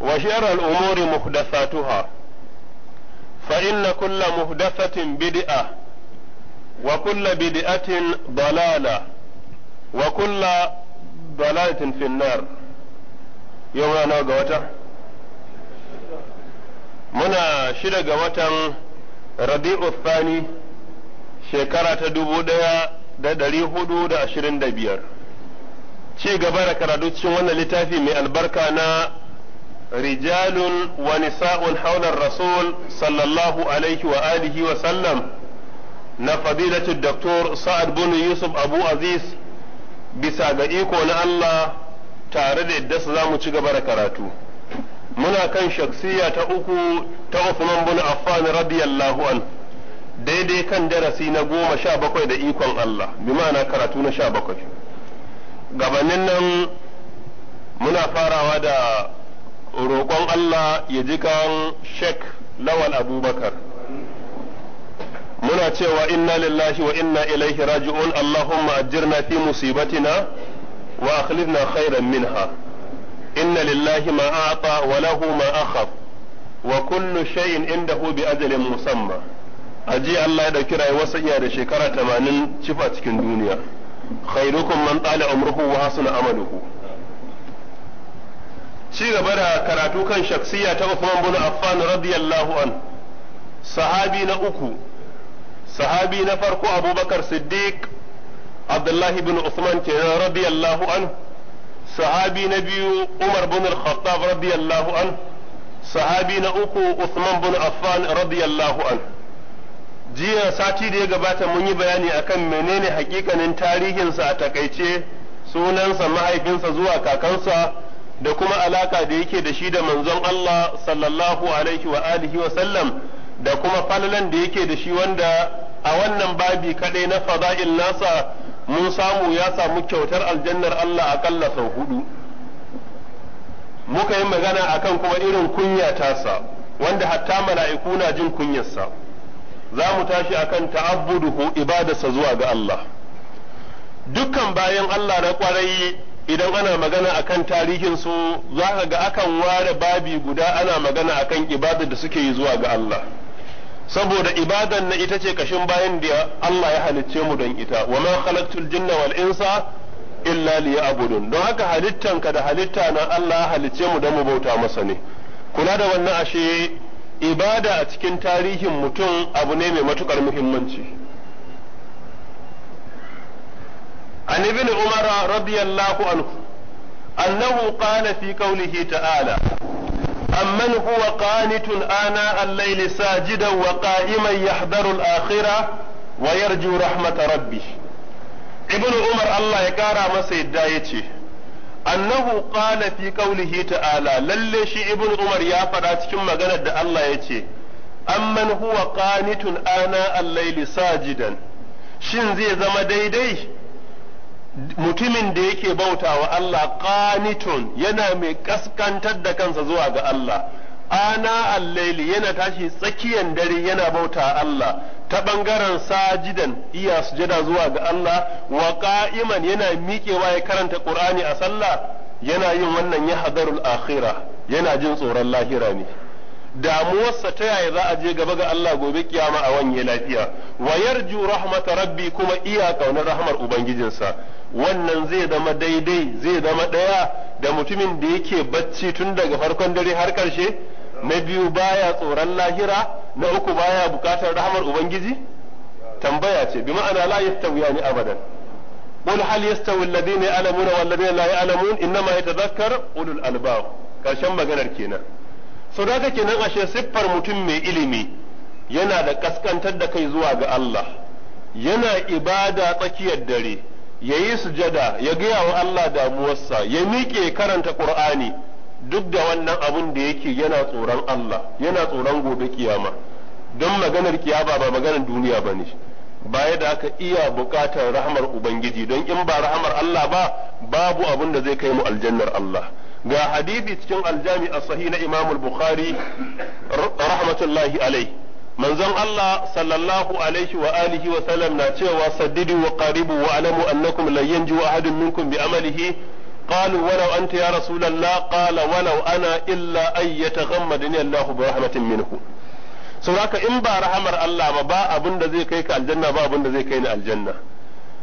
وشر الأمور محدثاتها فإن كل محدثة بدعة وكل بدعة ضلالة وكل ضلالة في النار يوم أنا قوتا منا شد قوتا ربيع الثاني شكرة دبو da ɗari hudu da ashirin da biyar. Ci gaba da karatu cikin wannan littafi mai albarka na رجال ونساء حول الرسول صلى الله عليه وآله وسلم نفضيلة الدكتور سعد بن يوسف أبو عزيز bisa ga الله na الدس زامو da yadda منا كان شخصية gaba da karatu muna kan shaksiya ta uku ta Uthman daidai kan darasi na goma sha bakwai da ikon Allah bi ma'ana karatu na sha bakwai gabanin nan muna farawa da roƙon Allah ya ji kan Sheikh Lawal Abubakar. Muna cewa inna lillahi wa inna ilaihi raji'un Allahumma ajirna fi musibatina wa akhlifna khairan minha. Inna lillahi ma a'ata wa lahu ma akhaf wa kullu shay'in indahu bi ajalin musamma. Aji Allah ya dauki rayuwarsa iya da shekara 80 cifa cikin duniya. Khairukum man tsala umruhu wa hasuna amaluhu. ci gaba da karatu kan shaksiya ta Uthman bin Affan radiyallahu an sahabi na uku sahabi na farko Abubakar Siddiq Abdullahi bin Uthman kenan radiyallahu an sahabi na biyu Umar bin Al-Khattab radiyallahu an sahabi na uku Uthman bin Affan radiyallahu an jiya sati da ya gabata mun yi bayani akan menene hakikanin tarihinsa a takaice sunansa mahaifinsa zuwa kakansa da kuma alaka da yake da shi da manzon Allah sallallahu alaihi wa alihi wa sallam da kuma falalan da yake da shi wanda a wannan babi kadai na fada'il nasa mun samu ya samu kyautar aljannar Allah akalla sau hudu muka yi magana akan kuma irin kunya tasa wanda hatta mala'iku na jin kunyarsa za mu tashi akan ta'abbuduhu ibadarsa zuwa ga Allah dukkan bayan Allah na kwarai idan ana magana akan tarihin su za ka ga akan ware babi guda ana magana akan ibadar da suke yi zuwa ga Allah saboda ibadan na ita ce kashin bayan da Allah ya halicce mu don ita wa ma khalaqtul jinna wal insa illa liya'budun don haka halittanka da halitta na Allah ya halicce mu don mu bauta masa ne kula da wannan ashe ibada a cikin tarihin mutum abu ne mai matukar muhimmanci an ibn umar radiyallahu anhu annahu qala fi qawlihi ta'ala amman huwa qanitun ana al-layli sajidan wa qa'iman yahdharu al wa yarju rahmata rabbih ibn umar Allah ya kara masa yadda yace annahu qala fi qawlihi ta'ala lalle shi ibn umar ya faɗa cikin maganar da Allah yace amman huwa qanitun ana al jidan. shin zai zama daidai mutumin da yake bauta wa Allah qanitun yana mai kaskantar da kansa zuwa ga Allah ana al-laili yana tashi tsakiyar dare yana bauta Allah ta ɓangaren sajidan iya sujada zuwa ga Allah wa qa'iman yana miƙewa ya karanta Qur'ani a sallah yana yin wannan ya hadarul akhirah yana jin tsoron lahira ne damuwarsa ta yaya za a je gaba ga Allah gobe kiyama a wanye lafiya wa yarju rahmata rabbi kuma iya kaunar rahmar ubangijinsa wannan zai zama daidai zai zama ɗaya da mutumin da yake bacci tun daga farkon dare har ƙarshe na biyu baya tsoron lahira na uku baya bukatar rahmar ubangiji tambaya ce bi ma'ana la yastawiyani abadan yastawi alladhina ya'lamuna wal ladina la ya'lamun inna ma yatadhakkar ulul albab karshen maganar kenan so da kake nan ashe siffar mutum mai ilimi yana da kaskantar da kai zuwa ga Allah yana ibada tsakiyar dare ya yi sujada ya gaya wa Allah damuwarsa ya miƙe karanta ƙur'ani duk da wannan abin da yake yana tsoron Allah yana tsoron gobe kiyama don maganar kiyama ba maganar duniya ba ne baya da aka iya buƙatar rahamar ubangiji don in ba rahamar Allah ba babu abin da zai kai mu aljannar Allah ga hadisi cikin aljami as-sahih na Imam al-Bukhari rahmatullahi alaihi manzon Allah sallallahu alaihi wa alihi wa sallam na cewa saddidu wa qaribu wa alamu annakum la yanju ahadun minkum bi amalihi قالوا ولو أنت يا رسول الله ana illa أنا إلا أن يتغمدني الله برحمة منه sauraka in ba rahmar Allah ba ba da zai kai ka aljanna ba abinda da zai kai ni aljanna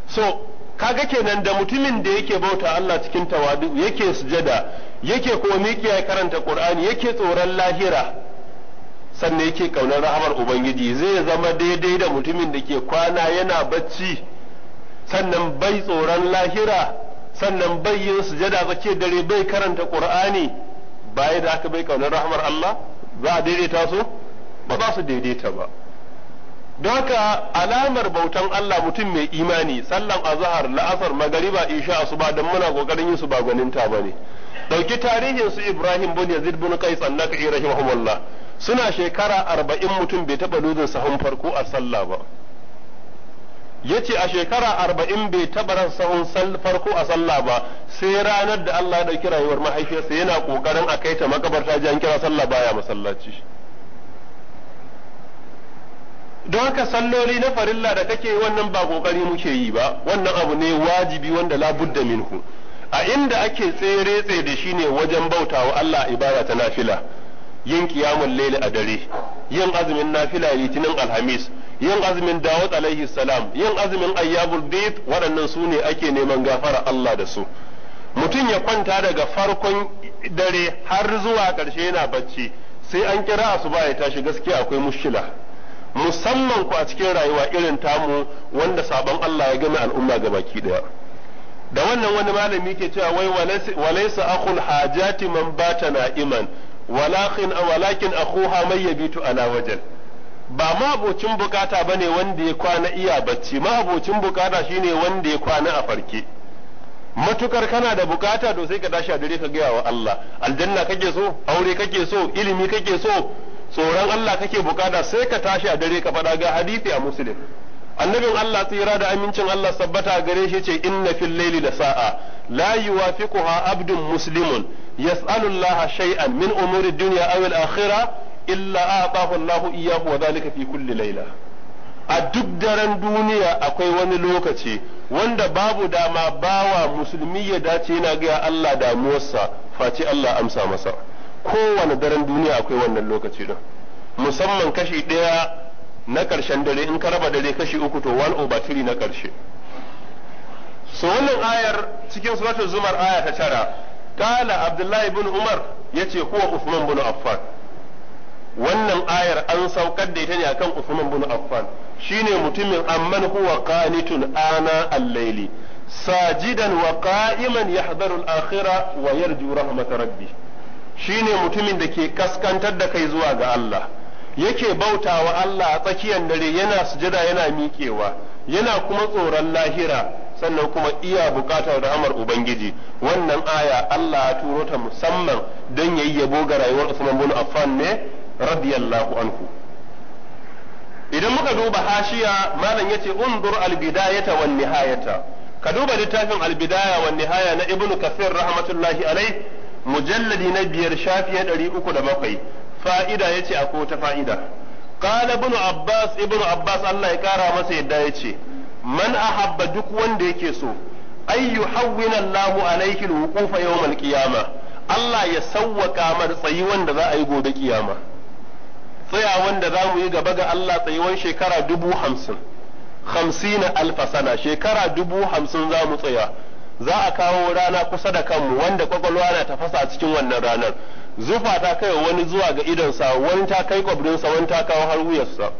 so kaga kenan da mutumin da yake bauta Allah cikin tawadu yake sujada yake ko ya karanta Qur'ani yake tsoron lahira sannan yake kaunar rahamar ubangiji zai zama daidai da mutumin da ke kwana yana bacci sannan bai tsoron lahira sannan bai yin sujada tsakiyar dare bai karanta qur'ani bai da aka bai kaunar rahamar Allah za a daidaita su ba za su daidaita ba don haka alamar bautan Allah mutum mai imani sallan azhar la'asar magariba isha asuba dan muna kokarin yin su ba gwaninta bane dauki tarihin su Ibrahim bin Yazid bin Qais annaka nakhai suna shekara arba'in mutum bai taɓa dozin sahun farko a sallah ba ya ce a shekara arba'in bai taɓa ran sahun farko a sallah ba sai ranar da Allah ya ɗauki rayuwar mahaifiyarsa yana ƙoƙarin a kai ta makabarta ji an kira sallah baya masallaci don haka salloli na farilla da kake wannan ba ƙoƙari muke yi ba wannan abu ne wajibi wanda labudda minhu a inda ake tsere tsere da shi ne wajen bautawa Allah ibada ta nafila yin qiyamul layl a dare yin azumin nafila litinin alhamis yin azumin dawud alaihi salam yin azumin ayyabul bid waɗannan su ne ake neman gafara Allah da su mutum ya kwanta daga farkon dare har zuwa ƙarshe yana bacci sai an kira su ba ya tashi gaskiya akwai mushkila musamman ku a cikin rayuwa irin tamu wanda sabon Allah ya gama al'umma ga baki daya da wannan wani malami ke cewa wai walaysa akhul hajati man bata na'iman walakin walakin akhuha may yabitu ala wajal ba ma abocin bukata ne wanda ya kwana iya bacci ma abocin bukata shine wanda ya kwana a farke matukar kana da bukata to sai ka tashi a dare ka gaya wa Allah aljanna kake so aure kake so ilimi kake so tsoron Allah kake bukata sai ka tashi a dare ka faɗa ga hadisi a muslim annabin Allah tsira da amincin Allah sabbata gare shi ce inna fil laili la sa'a la yuwafiquha abdun muslimun yas'alu Allah shay'an min umuri duniya aw al-akhirah illa a'tahu Allah iyyahu wa dhalika fi kulli layla a duk daren duniya akwai wani lokaci wanda babu dama bawa musulmi ya dace yana gaya Allah damuwarsa face Allah amsa masa kowane daren duniya akwai wannan lokaci din musamman kashi ɗaya na ƙarshen dare in ka raba dare kashi uku to one over three na karshe. so wannan ayar cikin suratul zumar aya ta tara kala abdullahi bin umar ya ce usman bin affan wannan ayar an saukar da ita ne akan usman bin affan shine mutumin amman huwa qanitun ana al-laili sajidan wa qa'iman yahdharu al-akhira wa yarju rahmat rabbi shine mutumin da ke kaskantar da kai zuwa ga Allah yake bautawa Allah a tsakiyar dare yana sujada yana miƙewa yana kuma tsoron lahira sannan kuma iya bukatar rahamar ubangiji wannan aya Allah ya turo ta musamman don yayi yabo ga rayuwar Usman bin Affan ne radiyallahu anhu idan muka duba hashiya malam yace undur albidayata wan nihayata ka duba littafin albidaya wan nihaya na ibnu kasir rahmatullahi alai mujalladi na biyar shafi ɗari da bakwai fa'ida yace akwai ta fa'ida qala ibnu abbas ibnu abbas Allah ya kara masa yadda yace man ahabba duk wanda yake so ay yuhawwina Allahu alayhi alwuqufa yawm alqiyama Allah ya sawwaka mar tsayi wanda za a yi gobe kiyama tsayawan da za mu yi gaba ga Allah wani shekara dubu hamsin hamsina sana shekara dubu hamsin za mu tsaya za a kawo rana kusa da kanmu wanda kwakwalwa na tafasa a cikin wannan ranar zufa ta kai wani zuwa ga idonsa wani ta kai kwabrinsa wani ta kawo har wuyarsa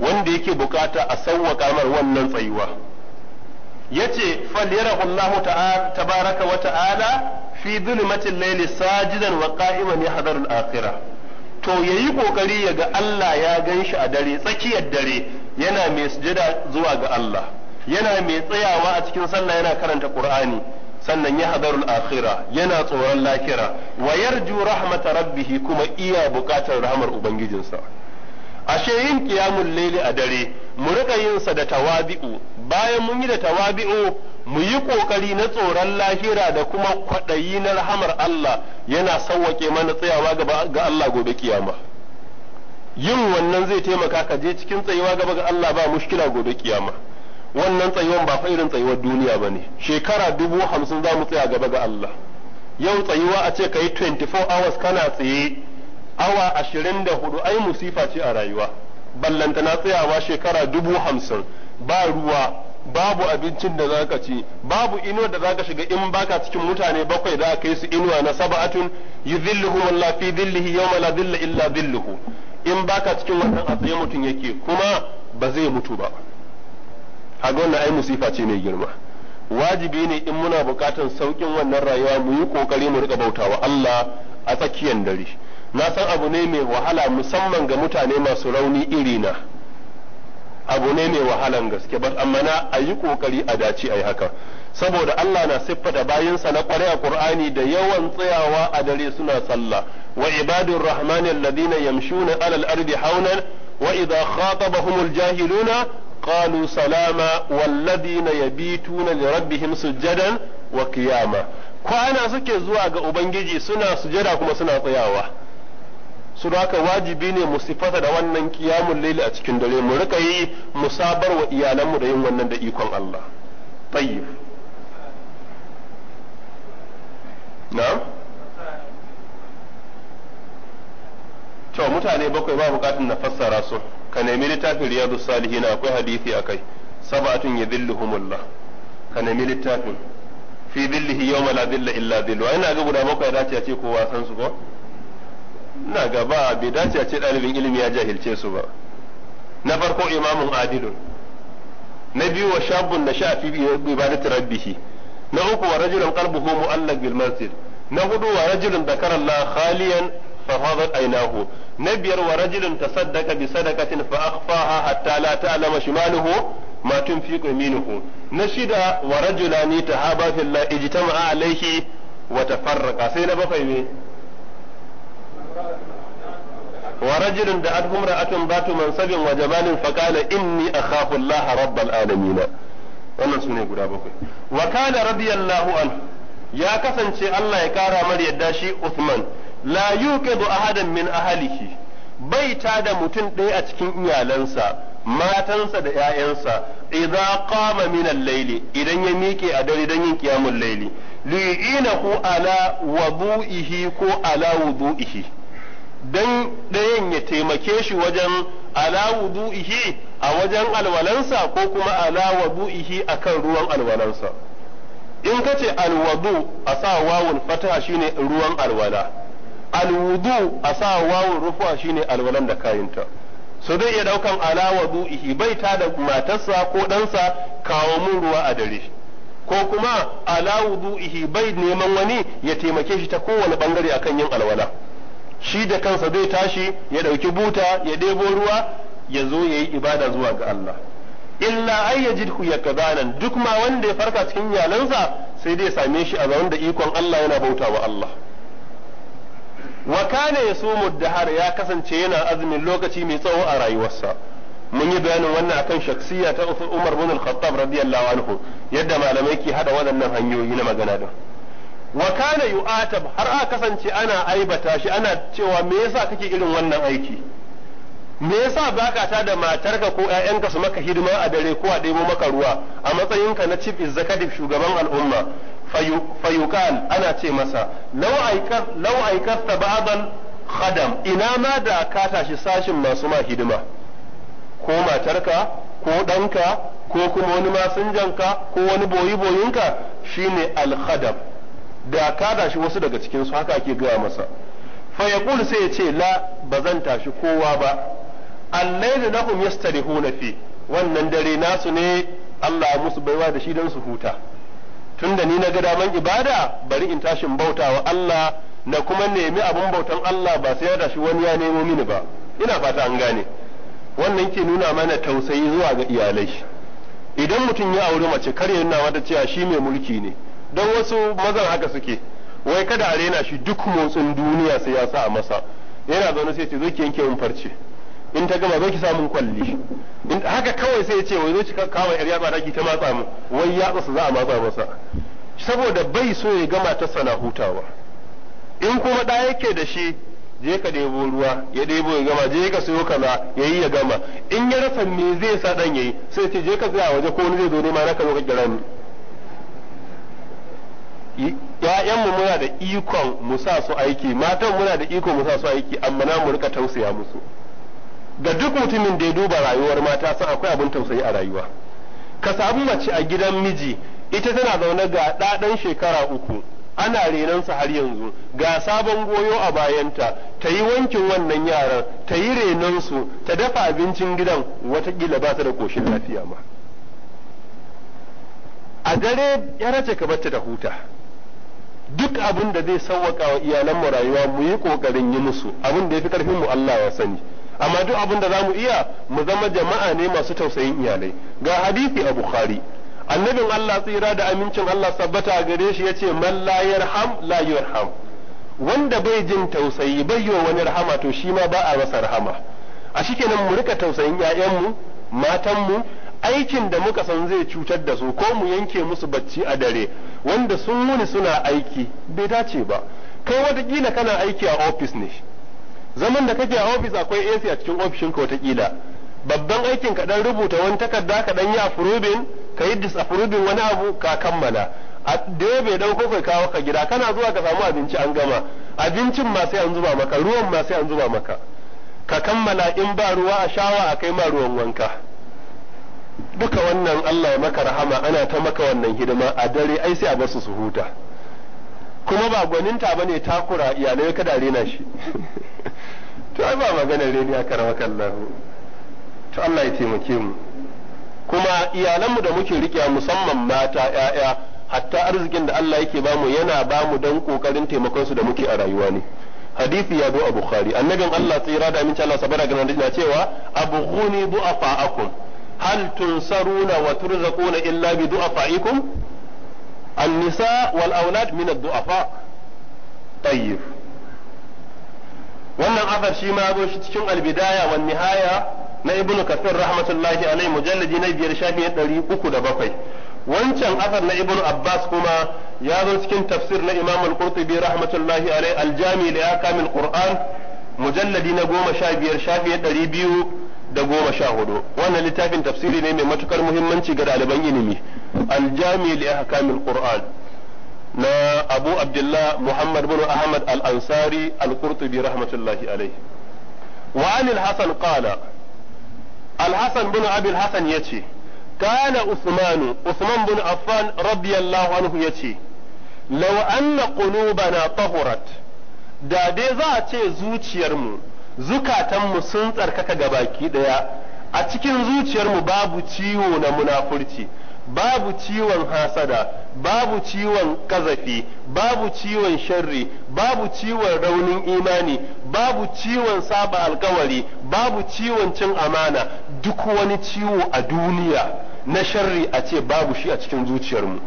wanda yake bukata a sauwaka mar wannan tsayuwa yace falyarahullahu ta'ala tabaraka wa ta'ala fi dhulumatil layli sajidan wa qa'iman yahdharu al-akhirah to yayi kokari yaga Allah ya ganshi a dare tsakiyar dare yana mai sujada zuwa ga Allah yana mai tsayawa a cikin sallah yana karanta Qur'ani sannan ya hadarul akhira yana tsoron lakira wa yarju rahmata rabbih kuma iya bukatar rahmar ubangijinsa ashe yin kiyamun layli a dare mu rika yin sa da tawabi'u bayan mun yi da tawabi'u mu yi kokari na tsoron lahira da kuma kwaɗayi na rahamar Allah yana sawwake mana tsayawa ga Allah gobe kiyama yin wannan zai taimaka ka je cikin tsayuwa gaba ga Allah ba mushkila gobe kiyama wannan tsayuwan ba fa irin tsayuwar duniya bane shekara dubu hamsin za mu tsaya gaba ga Allah yau tsayuwa a ce ka yi 24 hours kana tsaye awa ashirin da hudu ai musifa ce a rayuwa ballanta na tsayawa shekara dubu hamsin ba ruwa babu abincin da zaka ci babu inuwa da zaka shiga in baka cikin mutane bakwai za kai su inuwa na yi yuzilluhu wallah fi dhillihi yawma la dhilla illa dhilluhu in baka cikin wannan a tsaye mutum yake kuma ba zai mutu ba kaga wannan ai musifa ce mai girma wajibi ne in muna bukatan saukin wannan rayuwa mu yi kokari mu rika bautawa Allah a tsakiyar dare na san abu ne mai wahala musamman ga mutane masu rauni irina abu ne mai wahalan gaske ba amma na a yi kokari a dace a yi haka saboda Allah na siffata bayansa na kware a Qur'ani da yawan tsayawa a dare suna sallah wa ibadur rahmani alladhina yamshuna alal ardi hauna wa idha khatabahumul jahiluna qalu salama walladhina yabituna li rabbihim sujadan wa qiyama kwana suke zuwa ga ubangiji suna sujada kuma suna tsayawa su haka wajibi ne mu sifata da wannan kiyamun laili a cikin dare mu rika yi mu sabar wa iyalanmu da yin wannan da ikon Allah tayyib na to mutane bakwai ba bukatun na fassara su ka nemi littafin riyadu salihin akwai hadisi akai sab'atun yadhilluhumullah ka nemi littafin fi dhillihi yawma la dhilla illa dhillu ina ga guda bakwai ta ce ko wasan su ko na gaba bai dace a ce ɗalibin ilimi ya jahilce su ba na farko imamun adilun na biyu wa shabun na sha fi ibadati rabbihi na uku wa rajulun qalbuhu mu'allaq bil masjid na hudu wa rajulun dhakara la khaliyan fa fadat aynahu na biyar wa rajulun tasaddaqa bi sadaqatin fa akhfaha hatta la ta'lama shimaluhu ma tunfiqu yaminuhu na shida wa rajulani tahaba la ijtama'a alayhi wa tafarraqa sai na bakwai ne ورجل rajulun da ذات منصب وجمال mansabin wa jamalin الله رب inni akhafu Allah rabbal wannan sune guda bakwai wa kana radiyallahu an ya kasance Allah ya kara mar yadda shi Uthman la yuqidu ahadan min ahlihi bai ta da mutum ɗaya a cikin iyalansa matansa da ‘ya'yansa idza qama min al layl idan ya miƙe a dare dan yin qiyamul layli li'inahu ala wudu'ihi ko ala wudu'ihi dan ɗayan ya taimake shi wajen ala wudu'ihi a wajen alwalansa ko kuma ala wudu'ihi akan ruwan alwalansa in ka ce alwadu a sa wawun shi shine ruwan alwala alwudu a sa wawun rufuwa shine alwalan da kayinta su zai iya ɗaukan ala wudu'ihi bai ta da matarsa ko ɗansa kawo mun ruwa a dare ko kuma ala wudu'ihi bai neman wani ya taimake shi ta kowane bangare akan yin alwala shi da kansa zai tashi ya ɗauki buta ya ɗebo ruwa ya zo ya yi ibada zuwa ga Allah illa ai ya jidku ya kazanan duk ma wanda ya farka cikin yalansa sai dai same shi a zaune da ikon Allah yana bauta wa Allah wa kana yasumu dahar ya kasance yana azumin lokaci mai tsawo a rayuwarsa mun yi bayanin wannan akan shaksiya ta Umar bin Al-Khattab radiyallahu anhu yadda malamai ke hada waɗannan hanyoyi na magana din wa kana yu'atab har a kasance ana aibata shi ana cewa me yasa kake irin wannan aiki me yasa baka ta da matarka ko ƴaƴanka su maka hidima a dare ko a ɗebo maka ruwa a matsayin ka na chief executive shugaban al'umma fayuqal ana ce masa law aika law aikarta khadam ina ma da ka tashi sashin masu ma hidima ko matarka ko danka ko kuma wani masinjanka ko wani boyi boyinka shine al khadam da ka tashi wasu daga cikin su haka ake gaya masa fa sai ya ce la zan tashi kowa ba Allai da layl lahum yastarihuna fi wannan dare nasu ne Allah musu baiwa da shi don su huta tunda ni na ga daman ibada bari in tashin bautawa Allah na kuma nemi abin bautan Allah ba sai ya tashi wani ya nemo mini ba ina fata an gane wannan ke nuna mana tausayi zuwa ga iyalai idan mutum ya auri mace kar ya nuna mata cewa shi mai mulki ne don wasu mazan haka suke wai kada a rena shi duk motsin duniya sai ya sa a masa yana zaune sai ce zo ki yanke min farce in ta gama zo ki samun kwalli haka kawai sai ya ce wai zo ki kawai yar yatsa da ki ta matsa mu wai yatsa su za a matsa masa saboda bai so ya gama ta sana hutawa in kuma da yake da shi je ka ɗebo ruwa ya ɗebo ya gama je ka sayo kaza ya yi ya gama in ya rasa me zai sa dan ya yi sai ce je ka tsaya waje ko wani zai zo nema na ka zo ka gira ni ‘ya'yanmu muna da ikon mu sa su aiki matan muna da ikon mu sa su aiki amma na mu rika tausaya musu ga duk mutumin da ya duba rayuwar mata san akwai abin tausayi a rayuwa ka samu mace a gidan miji ita tana zaune ga ɗaɗan shekara uku ana renon sa har yanzu ga sabon goyo a bayanta ta yi wankin wannan yaran ta yi renon su, ta dafa abincin gidan watakila ba ta da koshin lafiya ma a dare ya race ka bata da huta duk abin da zai sauwaka wa iyalan mu rayuwa mu yi kokarin yi musu abin da yafi karfin mu Allah ya sani amma duk abin da zamu iya mu zama jama'a ne masu tausayin iyalai ga hadisi a Bukhari annabin Allah tsira da amincin Allah sabbata gare shi yace man la yarham la yurham wanda bai jin tausayi bai yi wani rahama to shi ma ba a rasa rahama a shikenan mu rika tausayin 'ya'yanmu matanmu aikin da muka san zai cutar da su ko mu yanke musu bacci a dare wanda sun wuni suna aiki bai dace ba kai watakila kana aiki a ofis ne zaman da kake a ofis akwai AC a cikin ofishin ka watakila babban aikin ka dan rubuta wani takarda ka dan yi approving ka yi disapproving wani abu ka kammala a da bai dauko kai kawo ka gida kana zuwa ka samu abinci an gama abincin ma sai an zuba maka ruwan ma sai an zuba maka ka kammala in ba ruwa a shawa a kai ma ruwan wanka duka wannan Allah ya maka rahama ana ta maka wannan hidima a dare ai sai a basu su huta kuma ba gwaninta bane takura iyalai kada rena shi to ai ba maganar reni ya karama Allah to Allah ya taimake mu kuma iyalanmu da muke riƙe musamman mata ƴaƴa hatta arzikin da Allah yake bamu yana bamu dan kokarin taimakon su da muke a rayuwa ne hadisi ya zo a bukhari annabin Allah tsira da aminci Allah sabara ga nan cewa buafa du'afa'akum hal tunsaruna wa turzaquna illa bi du'afaikum an-nisa wal aulad min ad-du'afa wannan afar shi ma zo shi cikin albidaya wan nihaya na ibnu kathir rahmatullahi alaihi mujalladi na biyar shafi ɗari uku da bakwai wancan asar na ibnu abbas kuma ya zo cikin tafsir na imam al-qurtubi rahmatullahi alaihi aljami li akamil qur'an mujalladi na goma sha biyar shafi ɗari biyu da goma sha hudu wannan littafin tafsiri ne mai matukar muhimmanci ga ɗaliban ilimi aljami li ahkamil qur'an na abu abdullah muhammad bin ahmad al-ansari al-qurtubi rahmatullahi alaihi wa anil hasan qala al-hasan bin abi al-hasan yace kana usman usman bin affan radiyallahu anhu yace law anna qulubana tahurat da dai za a ce zuciyarmu zukatanmu sun tsarkaka ga baki ɗaya a cikin zuciyarmu babu ciwo na munafurci babu ciwon hasada babu ciwon kazafi babu ciwon sharri babu ciwon raunin imani babu ciwon saba alkawari babu ciwon cin amana duk wani ciwo a duniya na sharri a ce babu shi a cikin zuciyarmu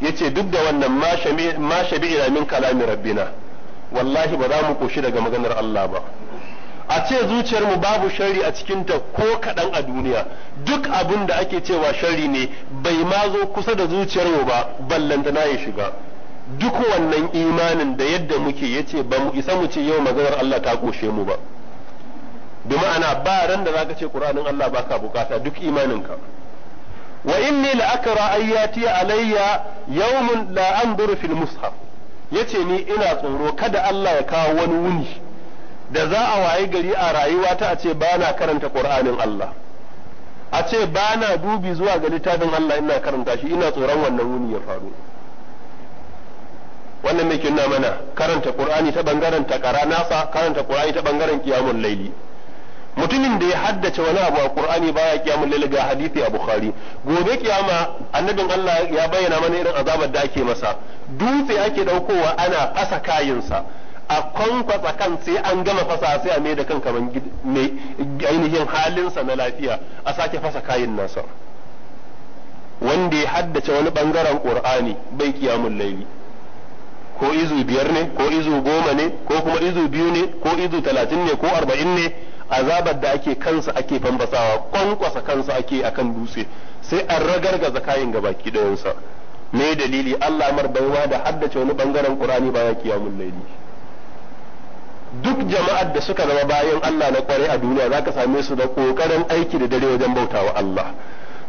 yace duk da wannan ma ila min kalami rabbina wallahi ba za mu koshi daga maganar Allah ba a ce zuciyar mu babu sharri a cikinta ko kaɗan a duniya duk abin da ake cewa sharri ne bai ma zo kusa da zuciyar mu ba na ya shiga duk wannan imanin da yadda muke yace ba mu isa mu ce yau maganar Allah ta koshe mu ba bi ma'ana ba ran da zaka ce Qur'anin Allah baka bukata duk imaninka wa inni akra ayati alayya yawmun la anzuru fil mushaf yace ni ina tsoro kada Allah ya kawo wani wuni da za a waye gari a rayuwa ta a ce ba na karanta ƙur'anin Allah a ce ba na dubi zuwa ga littafin Allah ina karanta shi ina tsoron wannan wuni ya faru wannan mai kinna mana karanta ƙur'ani ta bangaren takara nasa karanta ƙur'ani ta bangaren kiyamun laili mutumin da ya haddace wani abu a Qur'ani baya kiyamun laili ga hadisi a Bukhari gobe kiyama annabin Allah ya bayyana mana irin azabar da ake masa dutse ake daukowa ana fasa kayinsa a kwankwasa kan sai an gama fasa sai a mai da kan kaman mai ainihin halinsa na lafiya a sake fasa kayan nasa wanda ya haddace wani bangaren ƙur'ani bai kiyamun laili ko izu biyar ne ko izu goma ne ko kuma izu biyu ne ko izu talatin ne ko arba'in ne azabar da ake kansa ake fambasawa kwankwasa kansa ake akan dutse sai an ragargaza kayan gabaki ɗayansa me dalili Allah mar baiwa da haddace wani bangaren ƙur'ani baya kiyamun laili duk jama'ar da suka zama bayan Allah na kwarai a duniya za ka same su da ƙoƙarin aiki da dare wajen bautawa Allah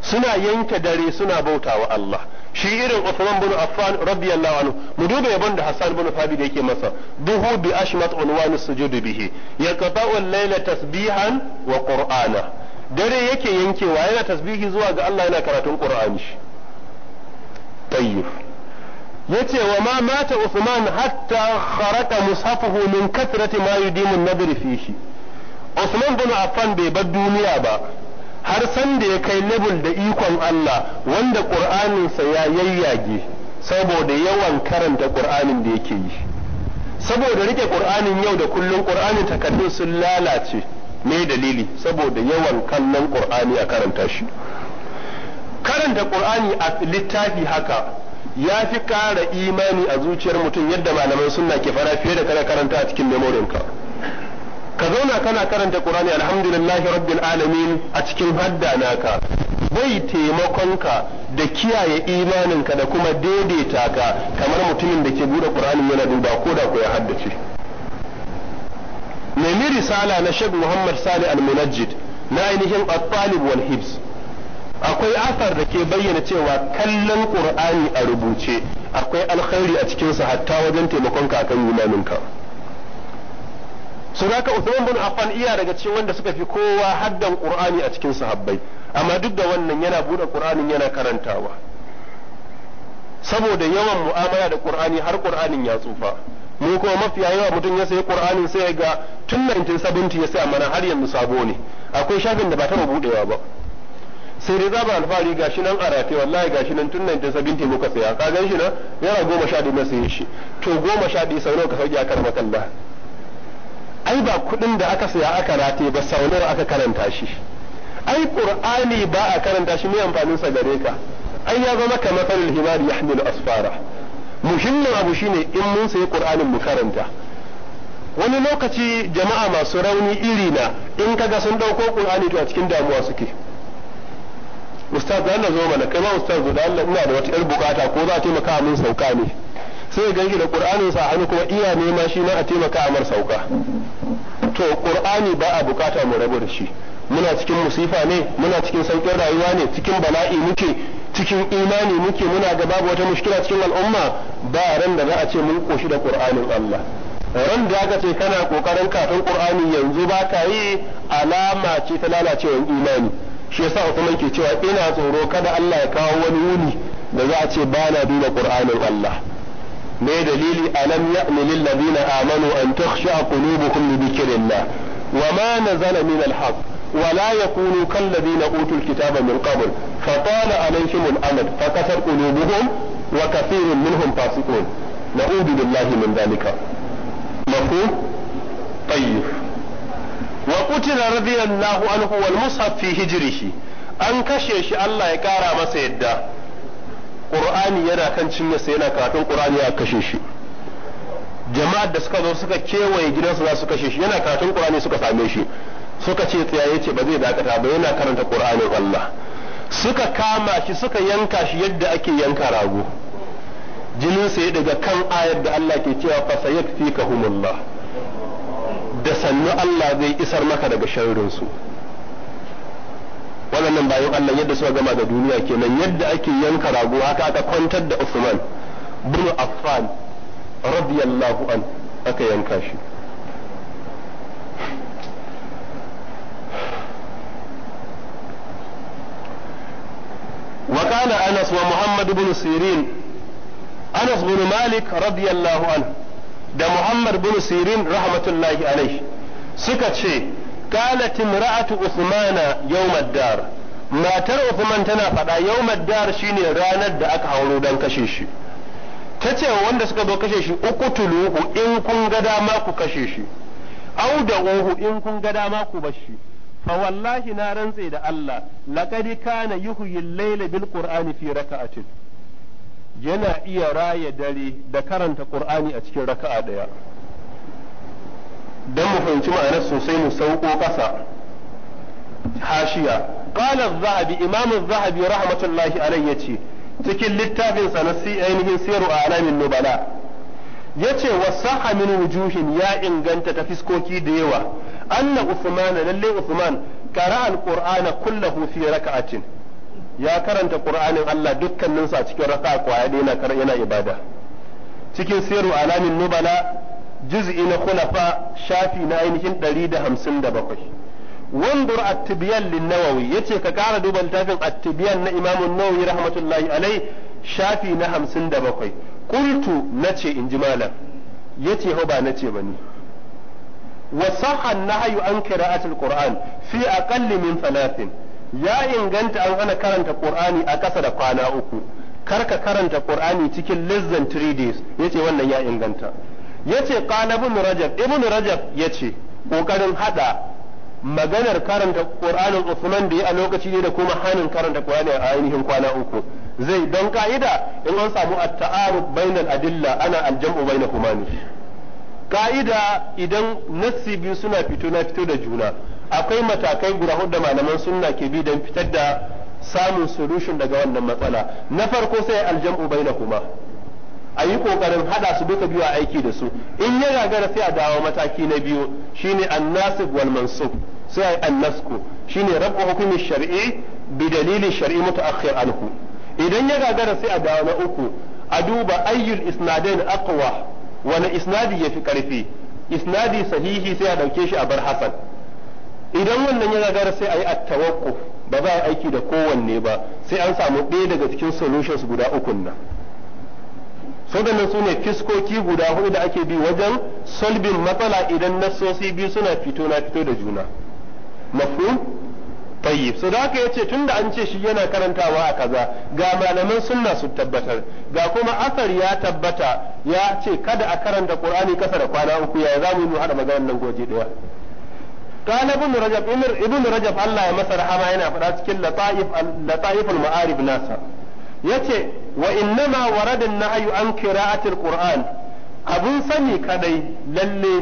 suna yanke dare suna bautawa Allah shi irin Uthman bin Affan radiyallahu anhu mu duba yabon da Hassan bin Fabi da yake masa duhu bi ashmat unwan sujud bihi yaqta'u al-layla tasbihan wa qur'ana dare yake yankewa yana tasbihi zuwa ga Allah yana karatun qur'ani tayyib yace wa ma mata Uthman hatta kharaqa mushafahu min kathrati ma yudimu an-nadr fihi Uthman bin Affan bai bar duniya ba har san da ya kai level da ikon Allah wanda ƙur'aninsa ya yayyage saboda yawan karanta ƙur'anin da yake yi saboda rike ƙur'anin yau da kullun ƙur'anin takardun sun lalace me dalili saboda yawan kallon ƙur'ani a karanta shi karanta ƙur'ani a littafi haka ya fi ƙara imani a zuciyar mutum yadda malaman suna ke fara fiye da kana karanta a cikin memorin ka ka zauna kana karanta qur'ani alhamdulillahi rabbil alamin a cikin hadda naka bai taimakonka da kiyaye imaninka da kuma daidaita ka kamar mutumin da ke bude qur'ani yana duba ko da ko ya haddace nemi risala na Sheikh Muhammad Sani al-Munajjid na ainihin at-Talib wal Hibs akwai asar da ke bayyana cewa kallon qur'ani a rubuce akwai alkhairi a cikin sa hatta wajen taimakon ka akan imaninka su ka Uthman bin Affan iya daga cikin wanda suka fi kowa haddan qur'ani a cikin sahabbai amma duk da wannan yana bude qur'anin yana karantawa saboda yawan mu'amala da qur'ani har qur'anin ya tsufa mu kuma mafiya yawa mutum ya sayi qur'anin sai ya ga tun 1970 ya sai mana har yanzu sabo ne akwai shafin da ba taɓa budewa ba sai dai zaba alfahari ga shi nan arate wallahi shi nan tun 1970 muka saya ka gan shi na yana goma sha biyu na saye shi to goma sha biyu sau nawa ka sauki akan makalla ai ba kuɗin da aka saya aka rate ba sau aka karanta shi ai qur'ani ba a karanta shi me amfanin sa gare ka ai ya zama kamar falil himari hamilu asfara muhimmin abu shine in mun sayi qur'anin mu karanta wani lokaci jama'a masu rauni iri na in kaga sun ɗauko qur'ani to a cikin damuwa suke ustaz da Allah zo mana kai ma ustaz da Allah ina da wata yar bukata ko za a taimaka min sauka ne sai ga da qur'anin sa hannu kuma iya ma shi na a taimaka mar sauka to qur'ani ba a bukata mu rabu da shi muna cikin musifa ne muna cikin sauƙin rayuwa ne cikin bala'i muke cikin imani muke muna ga babu wata mushkila cikin al'umma ba ran da za a ce mun koshi da qur'anin Allah ran da aka ce kana kokarin kafin qur'ani yanzu ba ka yi alama ce ta lalacewar imani shi yasa Uthman ke cewa ina tsoro kada Allah ya kawo wani wuni da za a ce ba na duba Qur'anin Allah me dalili alam ya'mil lil ladina amanu an takhsha qulubuhum li dhikrillah wa ma nazala min alhaq wa la yakunu kal ladina utul kitaba min qabl fa fatala alayhim al amad kasar qulubuhum wa kathirun minhum fasiqun na'udhu billahi min dhalika mafhum tayyib wa kutila radiyallahu anhu wal mushaf fi hijrihi an kashe shi Allah ya kara masa yadda Qur'ani yana kan cinyarsa yana karatun Qur'ani ya kashe shi jama'ar da suka zo suka kewaye gidansa za su kashe shi yana karatun Qur'ani suka same shi suka ce tsayaye ce ba zai dakata ba yana karanta qur'ani Allah suka kama shi suka yanka shi yadda ake yanka rago jinin ya daga kan ayar da Allah ke cewa ka sayakfikahumullah da sannu Allah zai isar maka daga sharrinsu waɗannan bayan Allah yadda suka gama da duniya kenan yadda ake yanka rago haka aka kwantar da Usman bin Affan radiyallahu an aka yanka shi وكان أنس ومحمد بن سيرين أنس بن مالك رضي الله عنه da Muhammad bin Sirin rahmatullahi alaihi suka ce قالت ra'atu عثمان يوم الدار matar Uthman tana faɗa yau dar shine ranar da aka hauro don kashe shi ta ce wanda suka zo kashe shi uku tuluhu in kun ga dama ku kashe shi au da uhu in kun ga dama ku bar shi fa wallahi na rantse da Allah laqad kana yi layla bil qur'ani fi raka'atin yana iya raya dare da karanta ƙur'ani a cikin raka'a ɗaya. dan mu fahimci ma'anar sosai mu sauko ƙasa. hashiya qala az-zahabi imam az-zahabi rahmatullahi alayhi yace cikin littafin sa na ainihin siru alamin nubala yace wasaha min wujuhin ya inganta ta fiskoki da yawa anna usman lalle usman kara al-qur'ana kullahu fi raka'atin ya karanta qur'anin Allah dukkaninsa a cikin raka'a kwaya da yana kar yana ibada cikin siru alamin nubala juz'i na khulafa shafi na ainihin 157 wandur at-tibyan lin-nawawi yace ka kara duba littafin at-tibyan na Imam an-Nawawi rahmatullahi alai shafi na 57 qultu nace inji malam yace ho ba nace bane وصح النهي an قراءة القرآن fi أقل من ثلاث ya inganta an hana karanta qur'ani a ƙasa da kwana uku kar ka karanta qur'ani cikin less than three days yace wannan ya inganta yace qala ibn rajab ibn rajab yace kokarin hada maganar karanta qur'anin usman da ya a lokaci ne da kuma hanin karanta qur'ani a ainihin kwana uku zai don ka'ida in an samu at-ta'aruf bainal adilla ana al-jam'u bainahuma ne ka'ida idan nassi biyu suna fito na fito da juna akwai matakai guda hudu da malaman sunna ke bi don fitar da samun solution daga wannan matsala na farko sai aljam'u kuma a yi kokarin hada su duka biyu a aiki da su in ya gagara sai a dawo mataki na biyu shine annasib wal mansub sai ai annasku shine rabu hukumi shar'i bi dalili shar'i mutaakhir anhu idan ya gagara sai a dawo na uku a duba ayyul isnadain aqwa wani isnadi yafi karfi isnadi sahihi sai a dauke shi a bar hasan idan wannan ya gara sai a yi attawakku ba za a aiki da kowanne ba sai an samu ɗaya daga cikin solutions guda ukun nan sodannan su ne fiskoki guda hudu da ake bi wajen solbin matsala idan nasosi biyu suna fito na fito da juna mafu tayi so da aka yace tunda an ce shi yana karantawa a kaza ga malaman sunna su tabbatar ga kuma asar ya tabbata ya ce kada a karanta qur'ani kasa da kwana uku ya zamu mu hada maganar nan goje daya kana ibn rajab ibn rajab Allah ya masa rahama yana faɗa cikin lataif lataiful ma'arib nasa yace wa na warada an-nahyu an qira'atil qur'an abun sani kadai lalle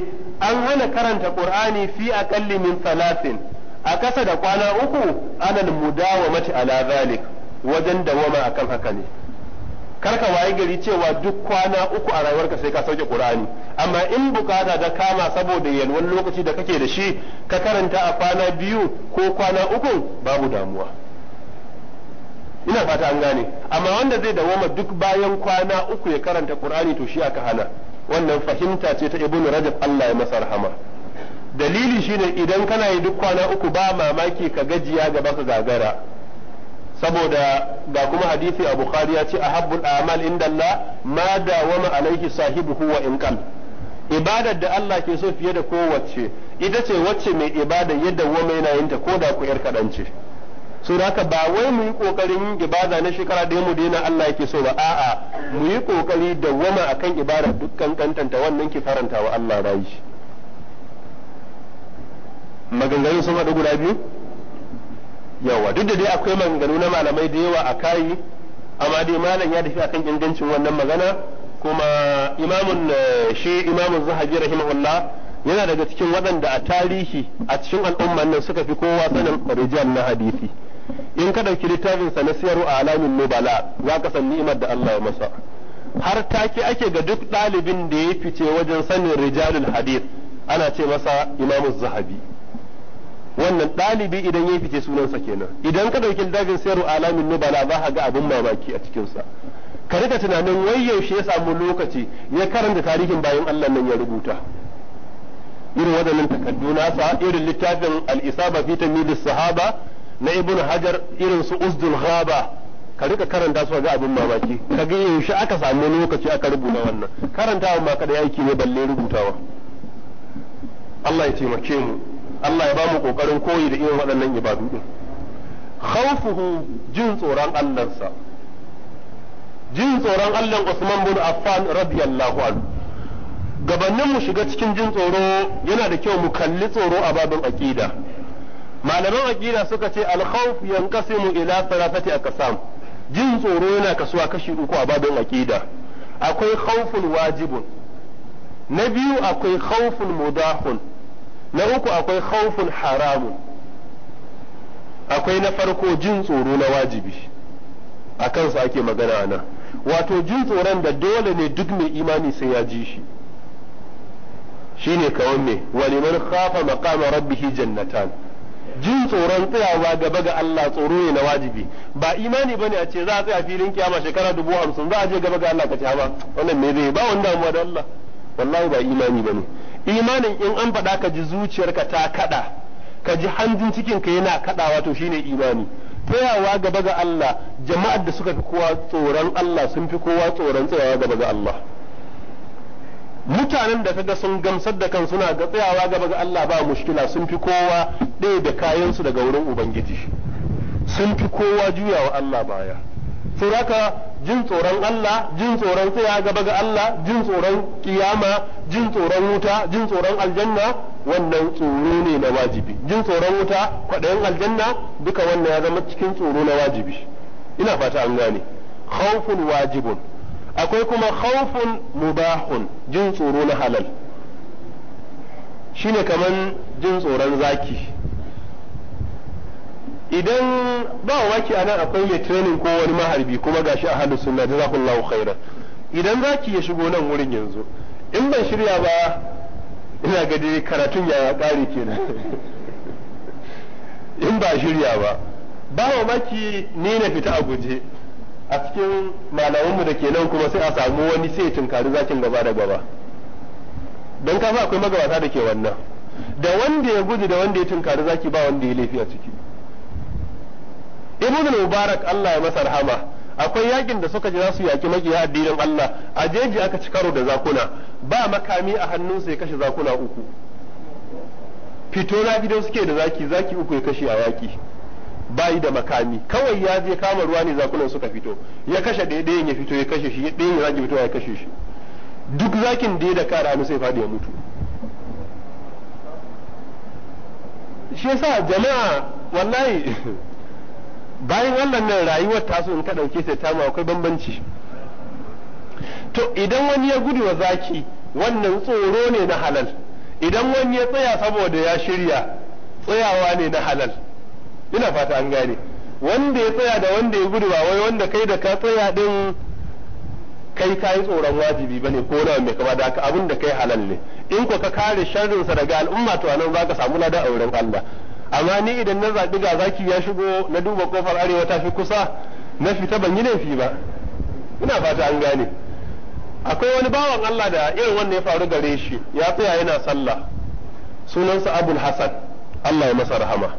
an hana karanta qur'ani fi aqalli min salasin a kasa da kwana uku anal mudawamati ala zalik wajen dawama akan haka ne karka waye gari cewa duk kwana uku a rayuwarka sai ka sauke Qur'ani amma in bukata ta kama saboda yalwan lokaci da kake da shi ka karanta a kwana biyu ko kwana uku babu damuwa ina fata an gane amma wanda zai ma duk bayan kwana uku ya karanta Qur'ani to shi aka hana wannan fahimta ce ta Ibn Rajab Allah ya masa rahama dalili shine idan kana yi duk kwana uku ba mamaki ka gajiya gaba ka gagara saboda ga kuma hadisi a bukhari ya ce a ahabbul amal inda Allah ma dawama alaihi sahibu kuwa in kan. ibadar da Allah ke so fiye da kowace ita ce wacce mai ibada yadda dawwama yana yinta ko da ku yar kadan ce so da haka ba wai mu yi kokarin ibada na shekara da mu daina Allah yake so ba a'a mu yi kokari dawwama akan ibada dukkan kantanta wannan ki faranta wa Allah rai maganganun sun haɗu guda biyu yawa duk da dai akwai maganganu na malamai da yawa a kayi amma dai malam ya tafi akan ingancin wannan magana kuma imamun eh, shi imamun zahabi rahimahullah yana daga cikin waɗanda a tarihi a cikin al'umman nan suka fi kowa sanin rijal na hadisi in ka ɗauki littafinsa na siyaru a alamin nubala za ka san ni'imar da Allah ya masa har take ake ga duk ɗalibin da ya fice wajen sanin rijalul hadith ana ce masa imamun zahabi wannan ɗalibi idan ya fice sunan sa kenan idan ka ɗauki littafin sayarwa alamin nubala za ka ga abin mamaki a cikinsa ka rika tunanin wai yaushe ya samu lokaci ya karanta tarihin bayan Allah nan ya rubuta irin waɗannan takaddu nasa irin littafin al-isaba fi tamyiz sahaba na ibnu hajar irin su usdul ghaba ka rika karanta su ga abin mamaki ka ga yaushe aka samu lokaci aka rubuta wannan karantawa ma kada aiki ne balle rubutawa Allah ya taimake mu Allah ya ba mu kokarin koyi da irin waɗannan ibadu din khawfuhu jin tsoron Allahnsa jin tsoron Allah Usman bin Affan radiyallahu anhu gabanin mu shiga cikin jin tsoro yana da kyau mu kalli tsoro a babin aqida malaman aqida suka ce al-khawf yanqasimu ila thalathati aqsam jin tsoro yana kasuwa kashi uku a babin aqida akwai khawful wajibun na biyu akwai khawful mudahun na uku akwai khawfun haramun akwai na farko jin tsoro na wajibi a kansa ake magana a nan wato jin tsoron da dole ne duk mai imani sai ya ji shi shi shine kawan me waliman khafa maqama rabbih jannatan jin tsoron tsayawa gaba ga Allah tsoro ne na wajibi ba imani bane a ce za a tsaya filin kiyama shekara dubu hamsin za a je gaba ga Allah ka ce ba wannan me zai ba wanda mu da Allah wallahi ba imani bane imanin in an faɗa ka ji zuciyarka ta kaɗa ka ji hanjin cikinka yana kaɗawa to shine imani tsayawa gaba ga Allah jama'ar da suka fi kowa tsoron Allah sun fi kowa tsoron tsayawa gaba ga Allah mutanen da kaga sun gamsar da kan suna ga tsayawa gaba ga Allah ba mushkila sun fi kowa ɗaya da kayansu daga wurin ubangiji sun fi kowa juyawa Allah baya sai haka jin tsoron Allah jin tsoron tsaya gaba ga Allah jin tsoron kiyama jin tsoron wuta jin tsoron aljanna wannan tsoro ne na wajibi jin tsoron wuta kwaɗayin aljanna duka wannan ya zama cikin tsoro na wajibi ina fata an gane khawfun wajibun akwai kuma khawfun mubahun jin tsoro na halal shine kaman jin tsoron zaki idan ba waki nan akwai mai training ko wani maharbi kuma gashi a halin sunna lawo khairan idan ki ya shigo nan wurin yanzu in ban shirya ba ina ga dai karatun ya kare kenan in ba shirya ba ba wa maki ne na fita a guje a cikin malamanmu da ke nan kuma sai a samu wani sai ya tunkari zakin gaba da gaba don kafa akwai magabata da ke wannan da wanda ya guji da wanda ya tunkari zaki ba wanda ya laifi a ciki ibn mubarak Allah ya masa rahama akwai yakin da suka ji za su yaki makiya addinin Allah a jeji aka ci karo da zakuna ba makami a hannunsa ya kashe zakuna uku fito na gidan suke da zaki zaki uku ya kashe a yaki bayi da makami kawai ya je kama ruwa ne zakunan suka fito ya kashe ɗayan ya fito ya kashe shi ɗayan ya zaki fito ya kashe shi duk zakin da ya da kara hannu sai fadi ya mutu shi yasa jama'a wallahi bayan wannan nan rayuwar tasu in ka ɗauke sai ma akwai bambanci to idan wani ya gudu wa zaki wannan tsoro ne na halal idan wani ya tsaya saboda ya shirya tsayawa ne na halal ina fata an gane wanda ya tsaya da wanda ya gudu ba wai wanda kai da ka tsaya din kai ka yi tsoron wajibi ba ne ko na mai kama da haka abin da kai halal ne in ko ka kare sharrinsa daga al'umma to anan za ka samu lada auren Allah amma ni idan na zaɓi ga zaki ya shigo na duba kofar arewa ta fi kusa na fita ban yi laifi ba ina fata an gane akwai wani bawan Allah da irin wanda ya faru gare shi ya tsaya yana sallah sunansa abul hasan Allah ya masa rahama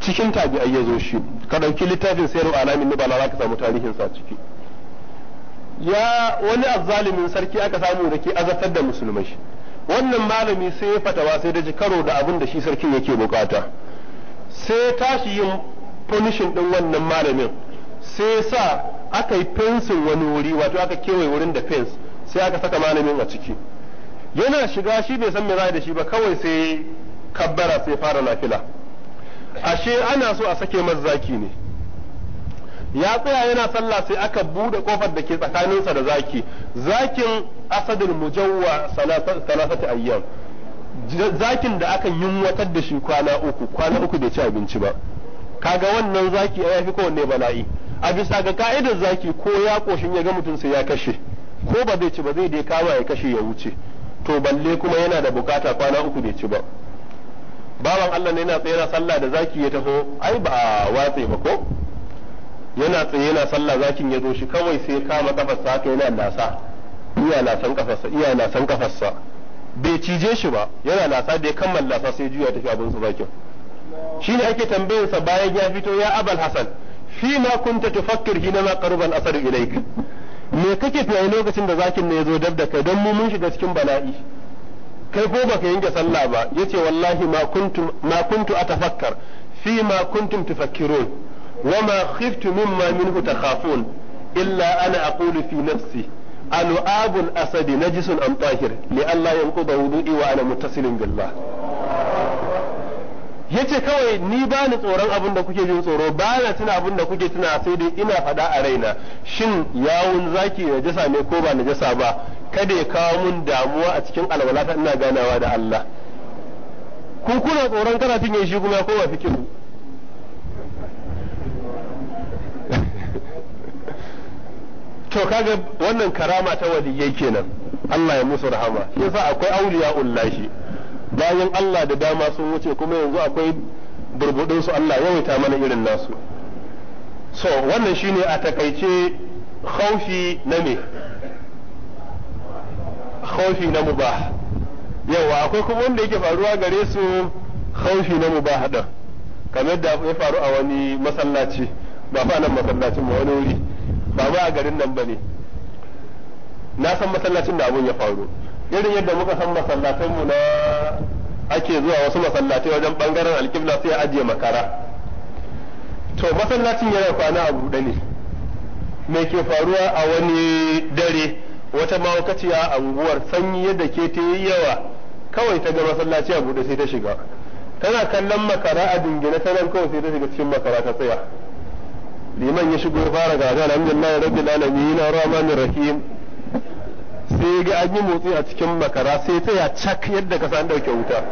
cikin tabi'ai ya zo shi ka ɗauki littafin sayar alamin ni bala ka samu tarihin sa ciki ya wani azzalimin sarki aka samu da ke azabtar da musulmai wannan malami sai ya fatawa sai da ji karo da abin da shi sarkin yake bukata sai tashi yin punishin din wannan malamin sai sa aka yi fensin wani wuri wato aka kewaye wurin da fens sai aka saka malamin a ciki yana shiga shi bai san me za da shi ba kawai sai kabbara sai fara lafila ashe ana so a sake zaki ne ya tsaya yana sallah sai aka bude kofar da ke sa da zaki zakin asadul mujawwa salasata ayyam zakin da aka watar da shi kwana uku kwana uku bai ci abinci ba kaga wannan zaki ya fi kowanne bala'i a bisa ga ka'idar zaki ko ya koshin ya ga mutum sai ya kashe ko ba zai ci ba zai dai kama ya kashe ya wuce to balle kuma yana da bukata kwana uku bai ci ba baban Allah ne yana tsayar sallah da zaki ya taho ai ba a watse ba ko yana tsaye yana sallah zakin ya zo shi kawai sai ya kama kafarsa haka yana lasa iya lasan kafarsa iya lasan kafarsa bai cije shi ba yana lasa da ya kammala lasa sai juya tafi abin su zakin shi ne ake tambayinsa bayan ya fito ya abal hasan fi ma kunta tufakkir hina ma qarban asar ilaik me kake tunani lokacin da zakin ne ya zo dab da kai don mu mun shiga cikin bala'i kai ko baka yanke sallah ba yace wallahi ma kuntu ma kuntu atafakkar fi ma kuntum tufakkirun وما خفت مما منه تخافون إلا أنا أقول في نفسي ألعاب الأسد نجس أم طاهر لئلا ينقض وضوئي وأنا متصل بالله yace kawai ni ba ni tsoron abin da kuke jin tsoro ba na tuna abin da kuke tuna sai dai ina faɗa a raina shin yawun zaki jasa ne ko ba na jasa ba kada ya kawo mun damuwa a cikin alwalata ina ganawa da Allah ku kuna tsoron karatun tinye shi kuma ko ba fikiru to kaga wannan karama ta waliyai kenan Allah ya musu rahama shi yasa akwai auliya ullahi bayan Allah da dama sun wuce kuma yanzu akwai burbudin su Allah wuta mana irin nasu so wannan shine a takaice khaufi na me khaufi na mubah yawa akwai kuma wanda yake faruwa gare su khaufi na mubah din kamar da ya faru a wani masallaci ba fa nan masallacin ba wani wuri ba ba a garin nan ba ne na san masallacin da abun ya faru irin yadda muka san masallatanmu na ake zuwa wasu masallatai wajen bangaren alkibla sai a ajiye makara to masallacin yana kwana a buɗe ne me ke faruwa a wani dare wata mawakaciya a unguwar sanyi yadda ke ta yi yawa kawai ta ga masallaci a buɗe sai ta shiga tana kallon makara a dingine sanar kawai sai ta shiga cikin makara ta tsaya liman ya shigo ya fara gaga alhamdulillah rabbil alamin arrahmanir rahim sai ga an yi motsi a cikin makara sai ta ya cak yadda ka san dauke wuta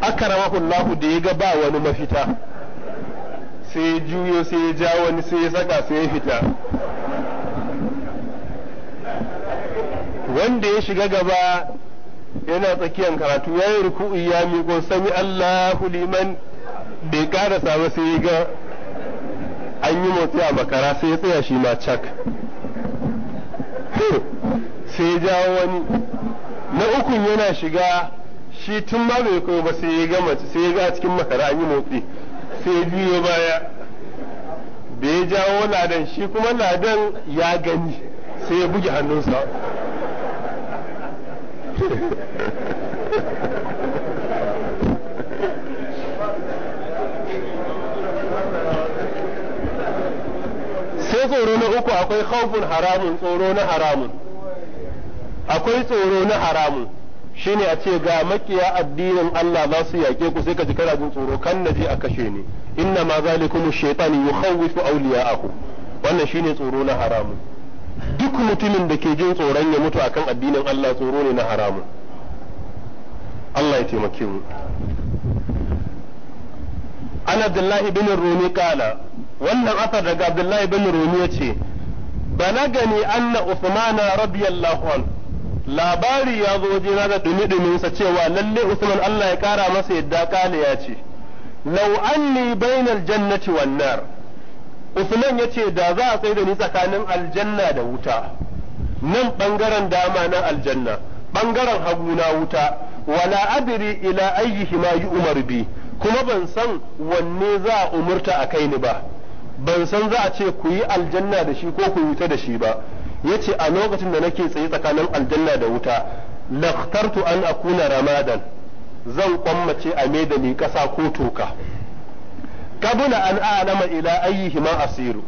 akramahu Allah da ya ga ba wani mafita sai ya juyo sai ya ja wani sai ya saka sai ya fita wanda ya shiga gaba yana tsakiyar karatu ya yi ruku'i ya miƙo sami Allahu liman bai karasa ba sai ga an yi motsi a bakara sai ya tsaya shi ma cak sai jawo wani na ukun yana shiga shi tun ma bai koyo ba sai ya ga mace sai ya ga a cikin makara an yi motsi sai ya juyo baya da ya jawo ladan shi kuma ladan ya gani sai ya buge hannunsa sai tsoro na uku akwai khawfun haramun tsoro na haramun akwai tsoro na haramun shine a ce ga makiya addinin Allah za su yake ku sai ka ji kana jin tsoro kan naji a kashe ni inna ma zalikum shaytan yukhawwifu awliya'ahu wannan shine tsoro na haramun duk mutumin da ke jin tsoron ya mutu akan addinin Allah tsoro ne na haramun Allah ya taimake mu an abdullahi bin Rumi kana wannan asar daga abdullahi bin rumi ya ce an anna usmana radiyallahu an labari ya zo jina da dumi sa cewa lalle usman Allah ya kara masa yadda kale ya ce lauanni anni bainal jannati wan nar usman ce da za a sai da ni tsakanin aljanna da wuta nan bangaren dama na aljanna bangaren hagu na wuta wala adri ila ayyihima yu'mar bi kuma ban san wanne za a umurta a kai ni ba ban san za a ce ku yi aljanna da shi ko ku wuta da shi ba yace a lokacin da nake tsaye tsakanin aljanna da wuta laktartu an akuna ramadan zan kwammace a me da ni kasa ko toka kabula an a'lama ila ayyihi ma asiru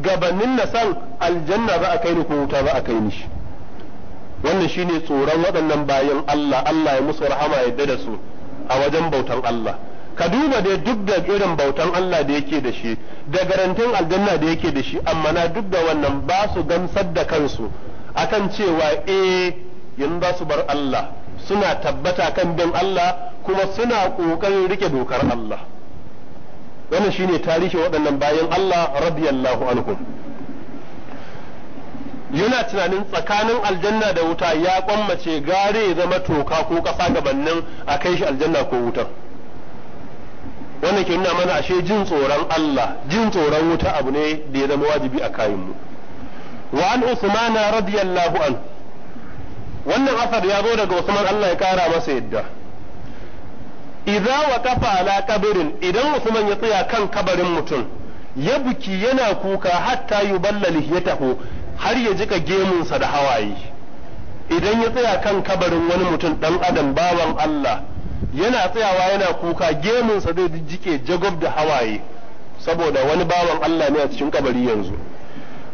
gabanin na san aljanna za a kai ni ko wuta za a kai ni shi wannan shine tsoron waɗannan bayan Allah Allah ya musu rahama yadda da su a wajen bautan Allah ka duba dai duk da irin bautan Allah da yake da shi da garantin aljanna da yake da shi amma na duk da wannan ba su gamsar da kansu akan cewa eh yanzu ba su bar Allah suna tabbata kan bin Allah kuma suna ƙoƙarin rike dokar Allah wannan shine tarihi waɗannan bayan Allah radiyallahu anhum yana tunanin tsakanin aljanna da wuta ya kwammace gare zama toka ko ƙasa gabannin a kai shi aljanna ko wutar wannan ke nuna mana ashe jin tsoron Allah jin tsoron wuta abu ne da ya zama wajibi a kayan mu wa an usmana radiyallahu an wannan asar ya zo daga usman Allah ya kara masa yadda idza waqafa ala kabirin idan usman ya tsaya kan kabarin mutum ya buki yana kuka hatta yuballa lihiyatahu har ya jika gemun sa da hawaye idan ya tsaya kan kabarin wani mutum dan adam bawan Allah yana tsayawa yana kuka geminsa zai jike jagob da hawaye saboda wani bawan Allah ne a cikin kabari yanzu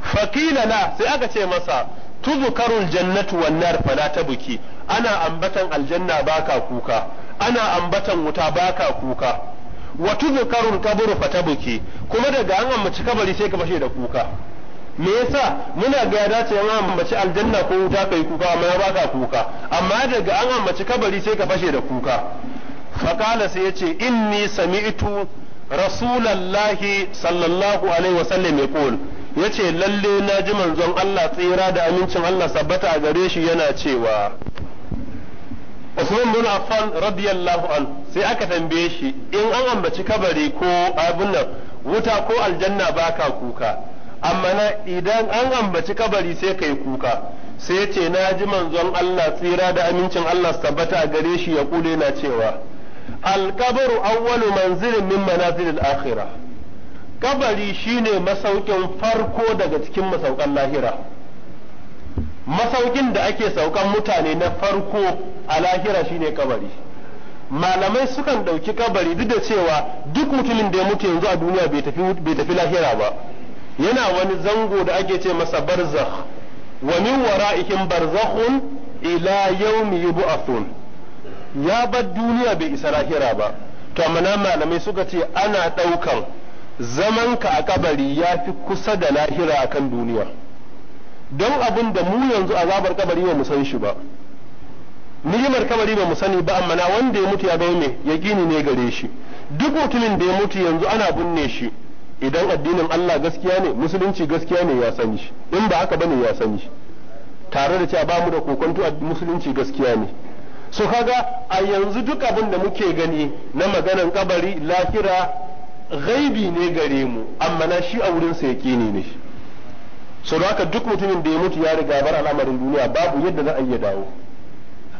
fakila na sai aka ce masa tuzukarul jannatu wan nar fala tabuki ana ambatan aljanna baka kuka ana ambatan wuta baka kuka wa fa ta fatabuki kuma daga an ambaci kabari sai ka fashe da kuka me yasa muna ga ya dace an ambaci aljanna ko wuta kai kuka amma ya baka kuka amma daga an ambaci kabari sai ka fashe da kuka faqala sai yace inni sami'tu rasulullahi sallallahu alaihi wasallam yaqul yace lalle na ji manzon Allah tsira da amincin Allah sabbata a gare shi yana cewa Usman bin Affan radiyallahu an sai aka tambaye shi in an ambaci kabari ko abun nan wuta ko aljanna baka kuka amma na idan an ambaci kabari sai kai kuka sai ce na ji manzon Allah tsira da amincin Allah su tabbata a gare shi ya kule na cewa alkabaru awwalu manzilin min manazilil ƙabari kabari shine masaukin farko daga cikin masaukan lahira masaukin da ake saukan mutane na farko a lahira shine kabari malamai sukan ɗauki kabari duk da cewa duk mutumin da ya mutu yanzu a duniya bai tafi lahira ba yana wani zango da ake ce masa barzakh wa min wara'ihim barzakhun ila yawmi yub'athun ya bar duniya bai isa lahira ba to amma malamai suka ce ana daukan ka a kabari ya fi kusa da lahira kan duniya don abin da mu yanzu azabar kabari ba mu san shi ba ni'imar kabari ba mu sani ba amma na wanda ya mutu ya bai ne ya gini ne gare shi duk mutumin da ya mutu yanzu ana binne shi idan addinin Allah gaskiya ne musulunci gaskiya ne ya sani shi in ba haka bane ya sani shi tare da cewa ba mu da kokonto musulunci gaskiya ne so kaga a yanzu duk abin da muke gani na maganan kabari lahira gaibi ne gare mu amma na shi a wurin sa yaqini ne so da haka duk mutumin da ya mutu ya riga bar al'amarin duniya babu yadda za a iya dawo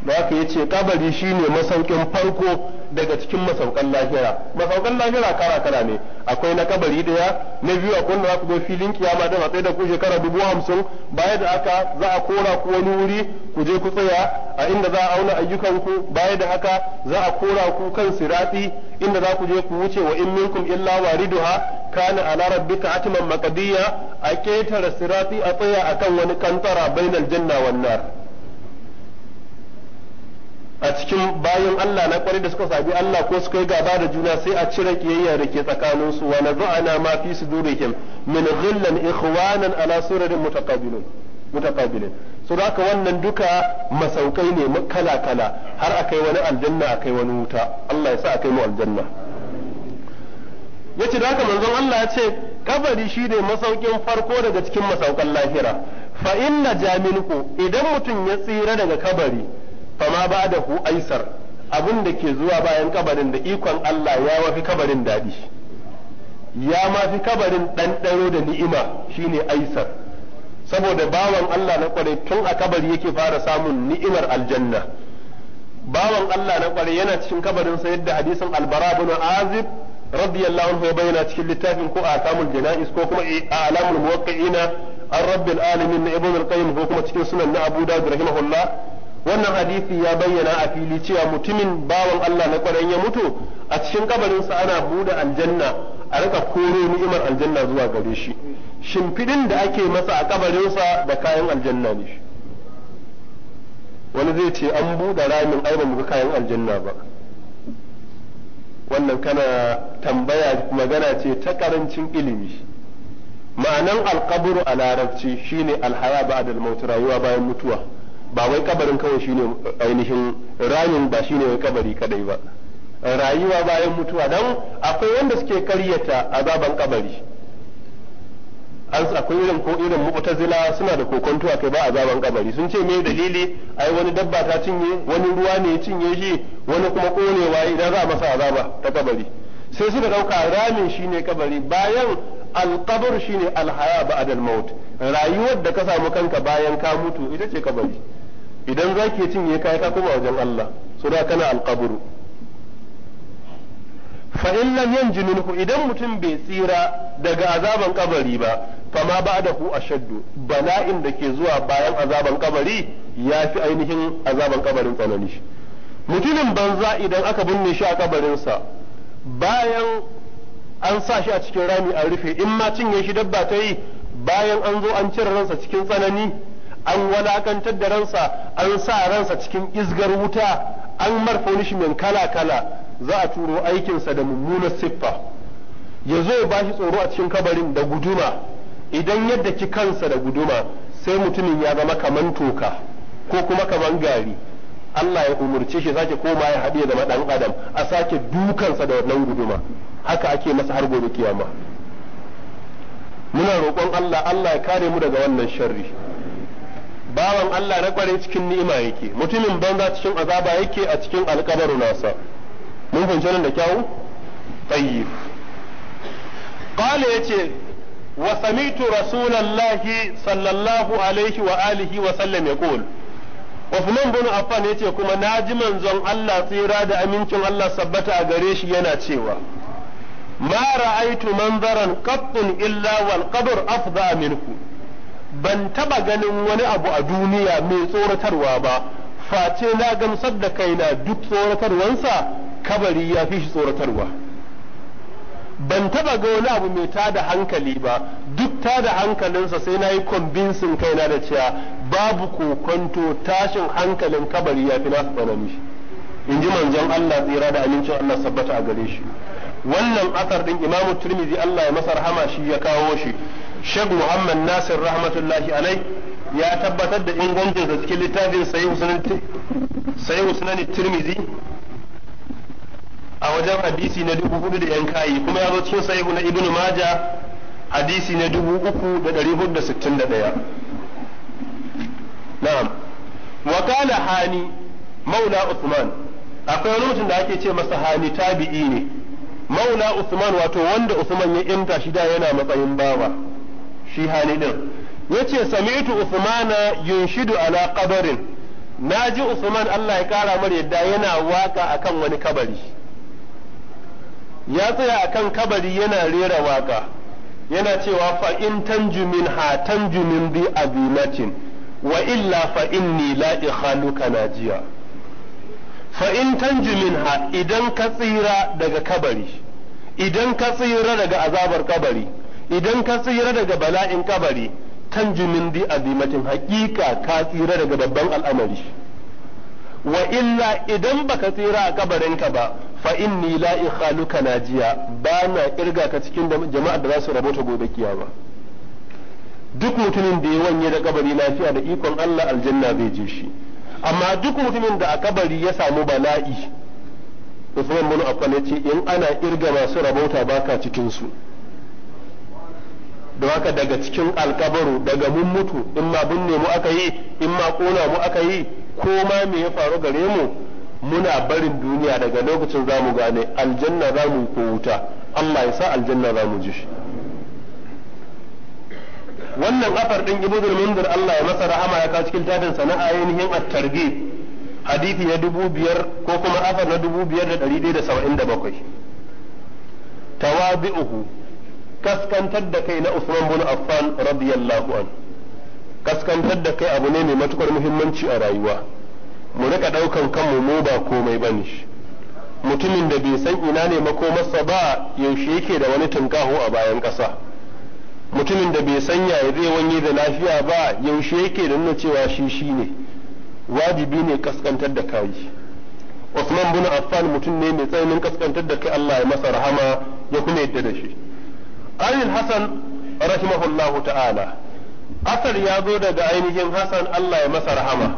da haka yace kabari shine masaukin farko daga cikin masaukan lahira masaukan lahira kala kala ne akwai na kabari daya na biyu akwai wanda za ku zo filin kiyama da matsayi da ku shekara dubu hamsin baya da haka za a kora ku wani wuri ku je ku tsaya a inda za a auna ku baya da haka za a kora ku kan sirati inda za ku je ku wuce wa in minkum illa wariduha kana ala rabbika atman maqdiya a ketara sirati a tsaya akan wani kantara bainal janna wan nar a cikin bayan Allah na kwarai da suka sabi Allah ko suka yi gaba da juna sai a cire kiyayya da ke tsakanin su wa naza'ana ma fi sudurihim min ghillan ikhwanan ala surarin mutaqabilin mutaqabilin so da haka wannan duka masaukai ne kala kala har akai wani aljanna akai wani wuta Allah ya sa akai mu aljanna yace da haka manzon Allah ya ce kabari shine masaukin farko daga cikin masaukan lahira fa inna jaminku idan mutum ya tsira daga kabari fama ba da hu aisar abin da ke zuwa bayan kabarin da ikon Allah ya wafi kabarin daɗi ya ma fi kabarin ɗanɗano da ni'ima shine aisar saboda bawan Allah na kwarai tun a kabari yake fara samun ni'imar aljanna bawan Allah na kwarai yana cikin kabarin sa yadda hadisin albara bin azib radiyallahu anhu ya bayyana cikin littafin ko a kamul jana'is ko kuma a alamul muwaqqi'ina an rabbil alamin na ibn al-qayyim ko kuma cikin sunan na abu dawud rahimahullah wannan hadisi ya bayyana a fili cewa mutumin bawan Allah na kwarai ya mutu a cikin kabarinsa ana buɗe aljanna a rika kore ni'imar aljanna zuwa gare shi shimfiɗin da ake masa a kabarinsa da kayan aljanna ne wani zai ce an buɗe ramin ai ba kayan aljanna ba wannan kana tambaya magana ce ta karancin ilimi ma'anan alkaburu a larabci shine alhaya ba'da mautu rayuwa bayan mutuwa ba wai kabarin kawai shine ainihin ramin ba shine wai kabari kadai ba rayuwa bayan mutuwa dan akwai wanda suke karyata azaban kabari an akwai irin ko irin mu'tazila suna da kokontuwa kai ba azaban kabari sun ce me dalili ai wani dabba ta cinye wani ruwa ne cinye shi wani kuma konewa idan za a masa azaba ta kabari sai suka dauka ramin shine kabari bayan alqabr shine alhaya ba al rayuwar da ka samu kanka bayan ka mutu ita ce kabari idan zaki ya cinye kai ka kuma wajen Allah so da kana alqabru fa in lam minhu idan mutum bai tsira daga azaban kabari ba fa ma ba'dahu ashaddu bala'in da ke zuwa bayan azaban kabari ya fi ainihin azaban kabarin tsanani mutumin banza idan aka binne shi a sa bayan an sa shi a cikin rami a rufe in ma cinye shi dabba ta yi bayan an zo an cire ransa cikin tsanani an walakantar da ransa an sa ransa cikin isgar wuta an shi punishment kala kala za a turo aikinsa da mummunar siffa ya zo ba shi tsoro a cikin kabarin da guduma idan yadda ki kansa da guduma sai mutumin ya zama kaman toka ko kuma kaman gari Allah ya umurce shi sake koma ya haɗe zama ɗan adam a sake dukansa da wannan guduma haka ake masa har gobe kiyama muna roƙon Allah Allah ya kare mu daga wannan sharri bawan Allah na kware cikin ni'ima yake mutumin banza cikin azaba yake a cikin alkabaru nasa mun fahimci nan da kyau tayyib qala yace wa samitu rasulallahi sallallahu alaihi wa alihi wa sallam yaqul Uthman bin Affan yace kuma naji manzon Allah tsira da amincin Allah sabbata a gare shi yana cewa ma ra'aitu manzaran qattun illa wal qabr afda minku. ban taba ganin wani abu a duniya mai tsoratarwa ba face na gamsar da kaina duk tsoratarwansa kabari ya fi shi tsoratarwa ban taba ga wani abu mai tada hankali ba duk tada hankalinsa sai na yi kwambinsin kaina da cewa babu kokonto tashin hankalin kabari ya fi nasu tsanani in ji manzon Allah tsira da amincin Allah sabbata a gare shi wannan asar ɗin imamu turmizi Allah ya masa rahama shi ya kawo shi Sheikh Muhammad Nasir rahmatullahi alai ya tabbatar da ingancin da cikin littafin sayi sunan tirmizi a wajen hadisi na dubu hudu da yan kayi kuma ya zo cikin sayi na Ibn maja hadisi na dubu uku da dari hudu da sittin da ɗaya na'am wakala hani maula usman akwai wani mutum da ake ce masa hani tabi'i ne maula usman wato wanda usman ya inta da yana matsayin bawa shi hali din yace sami'tu usmana yunshidu ala na ji usman Allah ya kara mar yadda yana waka akan wani kabari ya tsaya akan kabari yana rera waka yana cewa fa in tanju min ha tanju min bi azimatin wa illa fa inni la ikhaluka najiya fa in tanju ha idan ka tsira daga kabari idan ka tsira daga azabar kabari idan ka tsira daga bala'in kabari tanjimin di azimatin hakika ka tsira daga babban al'amari wa illa idan baka tsira a kabarinka ba fa inni la ikhaluka najiya ba na kirga ka cikin jama'a da za su rabo ta gobe kiyama duk mutumin da ya wanye da kabari lafiya da ikon Allah aljanna zai je shi amma duk mutumin da a kabari ya samu bala'i Usman bin Affan ce in ana kirga masu rabota baka cikin su da haka daga cikin alkabaru daga mun mutu in ma binne mu aka yi in ma kona mu aka yi ko ma me ya faru gare mu muna barin duniya daga lokacin za mu gane aljanna za mu ko wuta Allah ya sa aljanna za mu ji shi wannan afar din ibnu mundir Allah ya masa rahama ya kawo cikin tafin sana'a ainihin at-targhib hadisi na dubu biyar ko kuma afar na dubu biyar da ɗari da saba'in da bakwai tawabi'uhu kaskantar da kai na Usman bin Affan radiyallahu an kaskantar da kai abu ne mai matukar muhimmanci a rayuwa mu rika daukan kanmu mu ba komai bane mutumin da bai san ina ne makomarsa ba yaushe yake da wani tunkaho a bayan kasa mutumin da bai san ya zai wani da lafiya ba yaushe yake da nuna cewa shi shi ne wajibi ne kaskantar da kai Usman bin Affan mutum ne mai tsaunin kaskantar da kai Allah ya masa rahama ya kuma yadda da shi ainihin hasan rahimahullahu ta'ala asar ya zo daga ainihin Hassan Allah ya masa rahama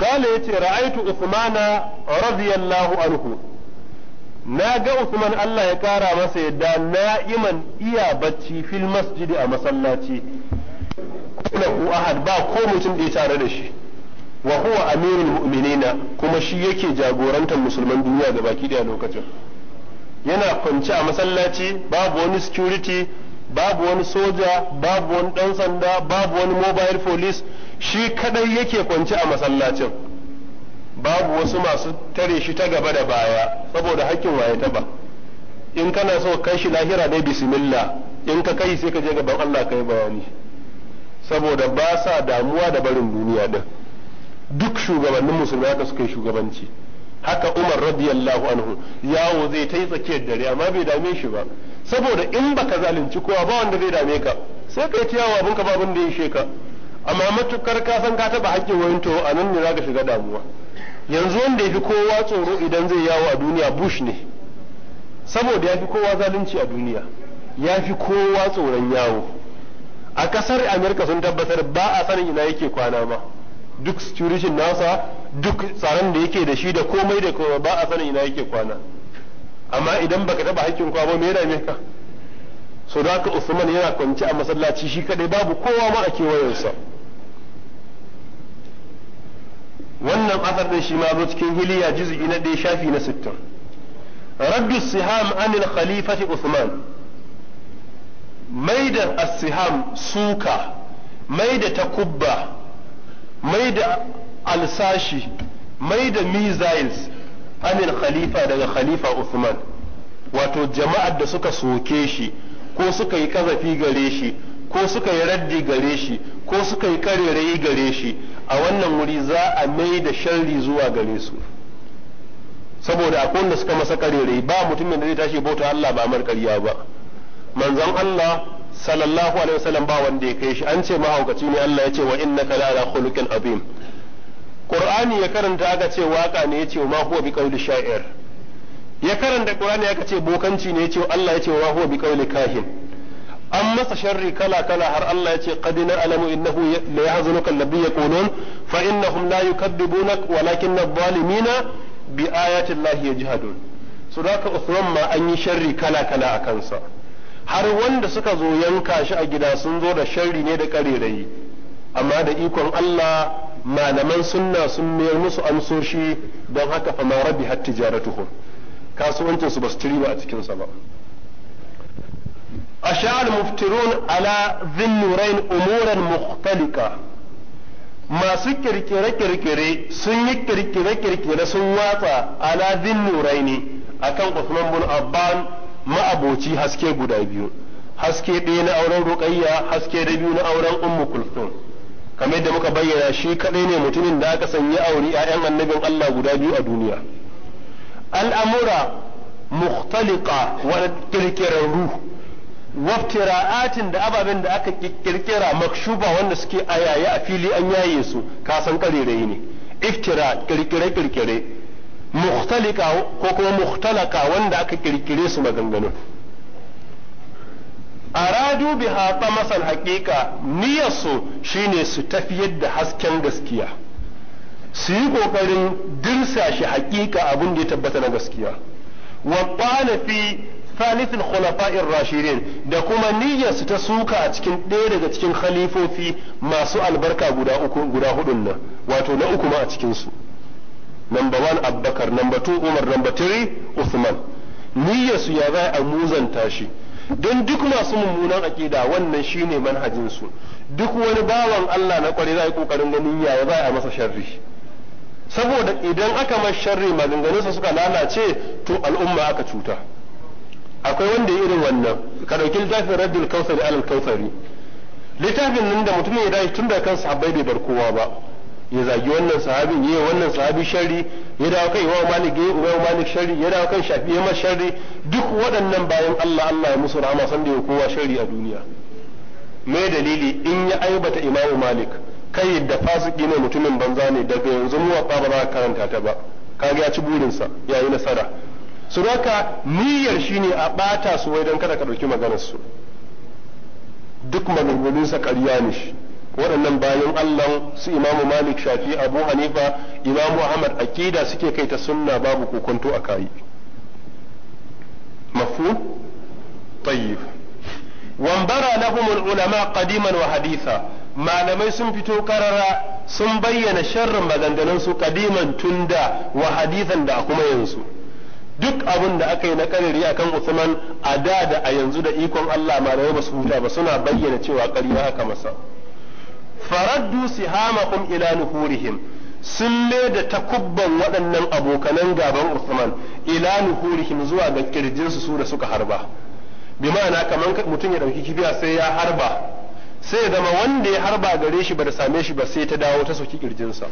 ya ce ra'aitu usmana radiyallahu anhu na ga usman Allah ya kara masa yadda na'iman iya bacci fil masjidi a masallaci kuna ku ahad ba ko mutum da ya tare da shi wa huwa amirul mu'minina kuma shi yake jagorantar musulman duniya da baki daya lokacin yana kwance a masallaci babu wani security babu wani soja babu wani dan sanda babu wani mobile police shi kadai yake kwance a masallacin babu wasu masu tare shi ta gaba da baya saboda hakkin waye ta ba in kana so kai shi lahira dai bismillah in ka kai sai ka je gaban Allah kai bayani saboda ba sa damuwa da barin duniya din duk shugabannin musulmi haka suka yi shugabanci haka Umar radiyallahu anhu yawo zai ta yi tsakiyar dare amma bai dame shi ba saboda in baka zalunci kowa ba wanda zai dame ka sai kai ta yawo abin ka ba abin da ya ka amma matukar ka san ka taba haƙƙin wayin to a nan ne za ka shiga damuwa yanzu wanda ya fi kowa tsoro idan zai yawo a duniya Bush ne saboda ya fi kowa zalunci a duniya ya fi kowa tsoron yawo a ƙasar Amerika sun tabbatar ba a sanin ina yake kwana ba duk security nasa duk tsaron da yake da shi da komai da kowa ba a sanin ina yake kwana amma idan baka taba hakkin kwa ba me rame ka so da ka Usman yana kwanci a masallaci shi kadai babu kowa ma a sa. wannan asar din shi ma zo cikin hiliya juz'i na ɗaya shafi na sittin raddu siham anil khalifati Usman maida as-siham suka maida takubba mai da alsashi mai da missiles amin khalifa daga khalifa Usman wato jama'ar da suka soke shi ko suka yi kazafi gare shi ko suka yi raddi gare shi ko suka yi karerayi gare shi a wannan wuri za a mai da sharri zuwa gare su saboda akwai wanda suka masa karerai ba mutumin da zai tashi bauta Allah ba mar ƙarya ba manzon Allah sallallahu alaihi wasallam ba wanda ya kai shi an ce mahaukaci ne Allah ya ce wa innaka la ala khuluqin azim Qur'ani ya karanta aka ce waka ne ya ce ma huwa bi qawli sha'ir ya karanta Qur'ani aka ce bokanci ne ya ce Allah ya ce wa huwa bi qawli kahin an masa sharri kala kala har Allah ya ce qad na'lamu innahu la yahzunuka alladhi yaqulun fa innahum la yukadzibunak walakin adh-dhalimina bi ayati allahi yajhadun sudaka da ma an yi sharri kala kala a kansa har wanda suka zo yanka shi a gida sun zo da sharri ne da ƙarerayi amma da ikon Allah malaman sunna sun mayar musu amsoshi don haka fa marabi har tijaratuhum kasuwancin su basu su riba a cikin sa ba ashar muftirun ala dhinnurain umuran mukhtalika masu kirkire-kirkire sun yi kirkire-kirkire sun watsa ala ne akan Uthman bin abban. ma'aboci haske guda biyu haske ɗaya na auren ruƙayya haske da biyu na auren ummu kulthum kamar yadda muka bayyana shi kaɗai ne mutumin da aka sanya auri 'yayan annabin Allah guda biyu a duniya al'amura mukhtaliqa wa ƙirƙirarru waftira'atin da ababen da aka ƙirƙira makshuba wanda suke ayaye a fili an yaye su kasan karerayi ne iftira ƙirƙire-ƙirƙire. mukhtalika ko kuma mukhtalaka wanda aka kirkire su maganganun aradu biha masal haqiqa niyyarsu shine su tafiyar da hasken gaskiya su yi kokarin dirsa shi haqiqa abin da ya tabbata na gaskiya wa qala fi thalith al-khulafa'ir rashidin da kuma niyyar su ta suka a cikin ɗaya daga cikin khalifofi masu albarka guda uku guda hudun nan wato na uku ma a cikin su number one Abubakar number two umar number three usman niyyarsu ya za a muzanta shi don duk masu mummunan aƙida wannan shi ne manhajinsu duk wani bawan Allah na kwarai za a yi ƙoƙarin ganin ya za a masa sharri saboda idan aka masa sharri maganganunsa suka lalace to al'umma aka cuta akwai wanda irin wannan ka ɗauki littafin raddul kausari alal kausari littafin nan da mutumin ya dace tun da kan sahabbai bai bar kowa ba ya zagi wannan sahabin yi wannan sahabi shari ya dawo kai wa malik ya yi wa malik shari ya dawo kan shafi ya shari duk waɗannan bayan Allah Allah ya musu rahama san da ya kowa shari a duniya me dalili in ya aibata imamu malik kai da fasiki ne mutumin banza ne daga yanzu mu ba za ka karanta ta ba kaga ya ci burinsa ya yi nasara su haka niyyar shine a ɓata su wai dan kada ka ɗauki maganar su duk sa ƙarya ne shi waɗannan bayan Allah su imamu malik shafi abu hanifa imamu ahmad akida suke kai ta sunna babu kokonto a kayi mafu tayyib wambara lahumul ulama qadiman wa haditha malamai sun fito karara sun bayyana sharrin maganganun su qadiman tunda wa hadithan da kuma yanzu duk abin da aka yi na kariri akan Uthman a da da a yanzu da ikon Allah malamai ba su huta ba suna bayyana cewa ƙarya aka masa faraddu sihamahum ila nuhurihim sun da takubban waɗannan abokanan gaban Usman ila nuhurihim zuwa ga kirjin su da suka harba bi ma'ana kaman mutum ya ɗauki kibiya sai ya harba sai zama wanda ya harba gare shi ba da same shi ba sai ta dawo ta soki sa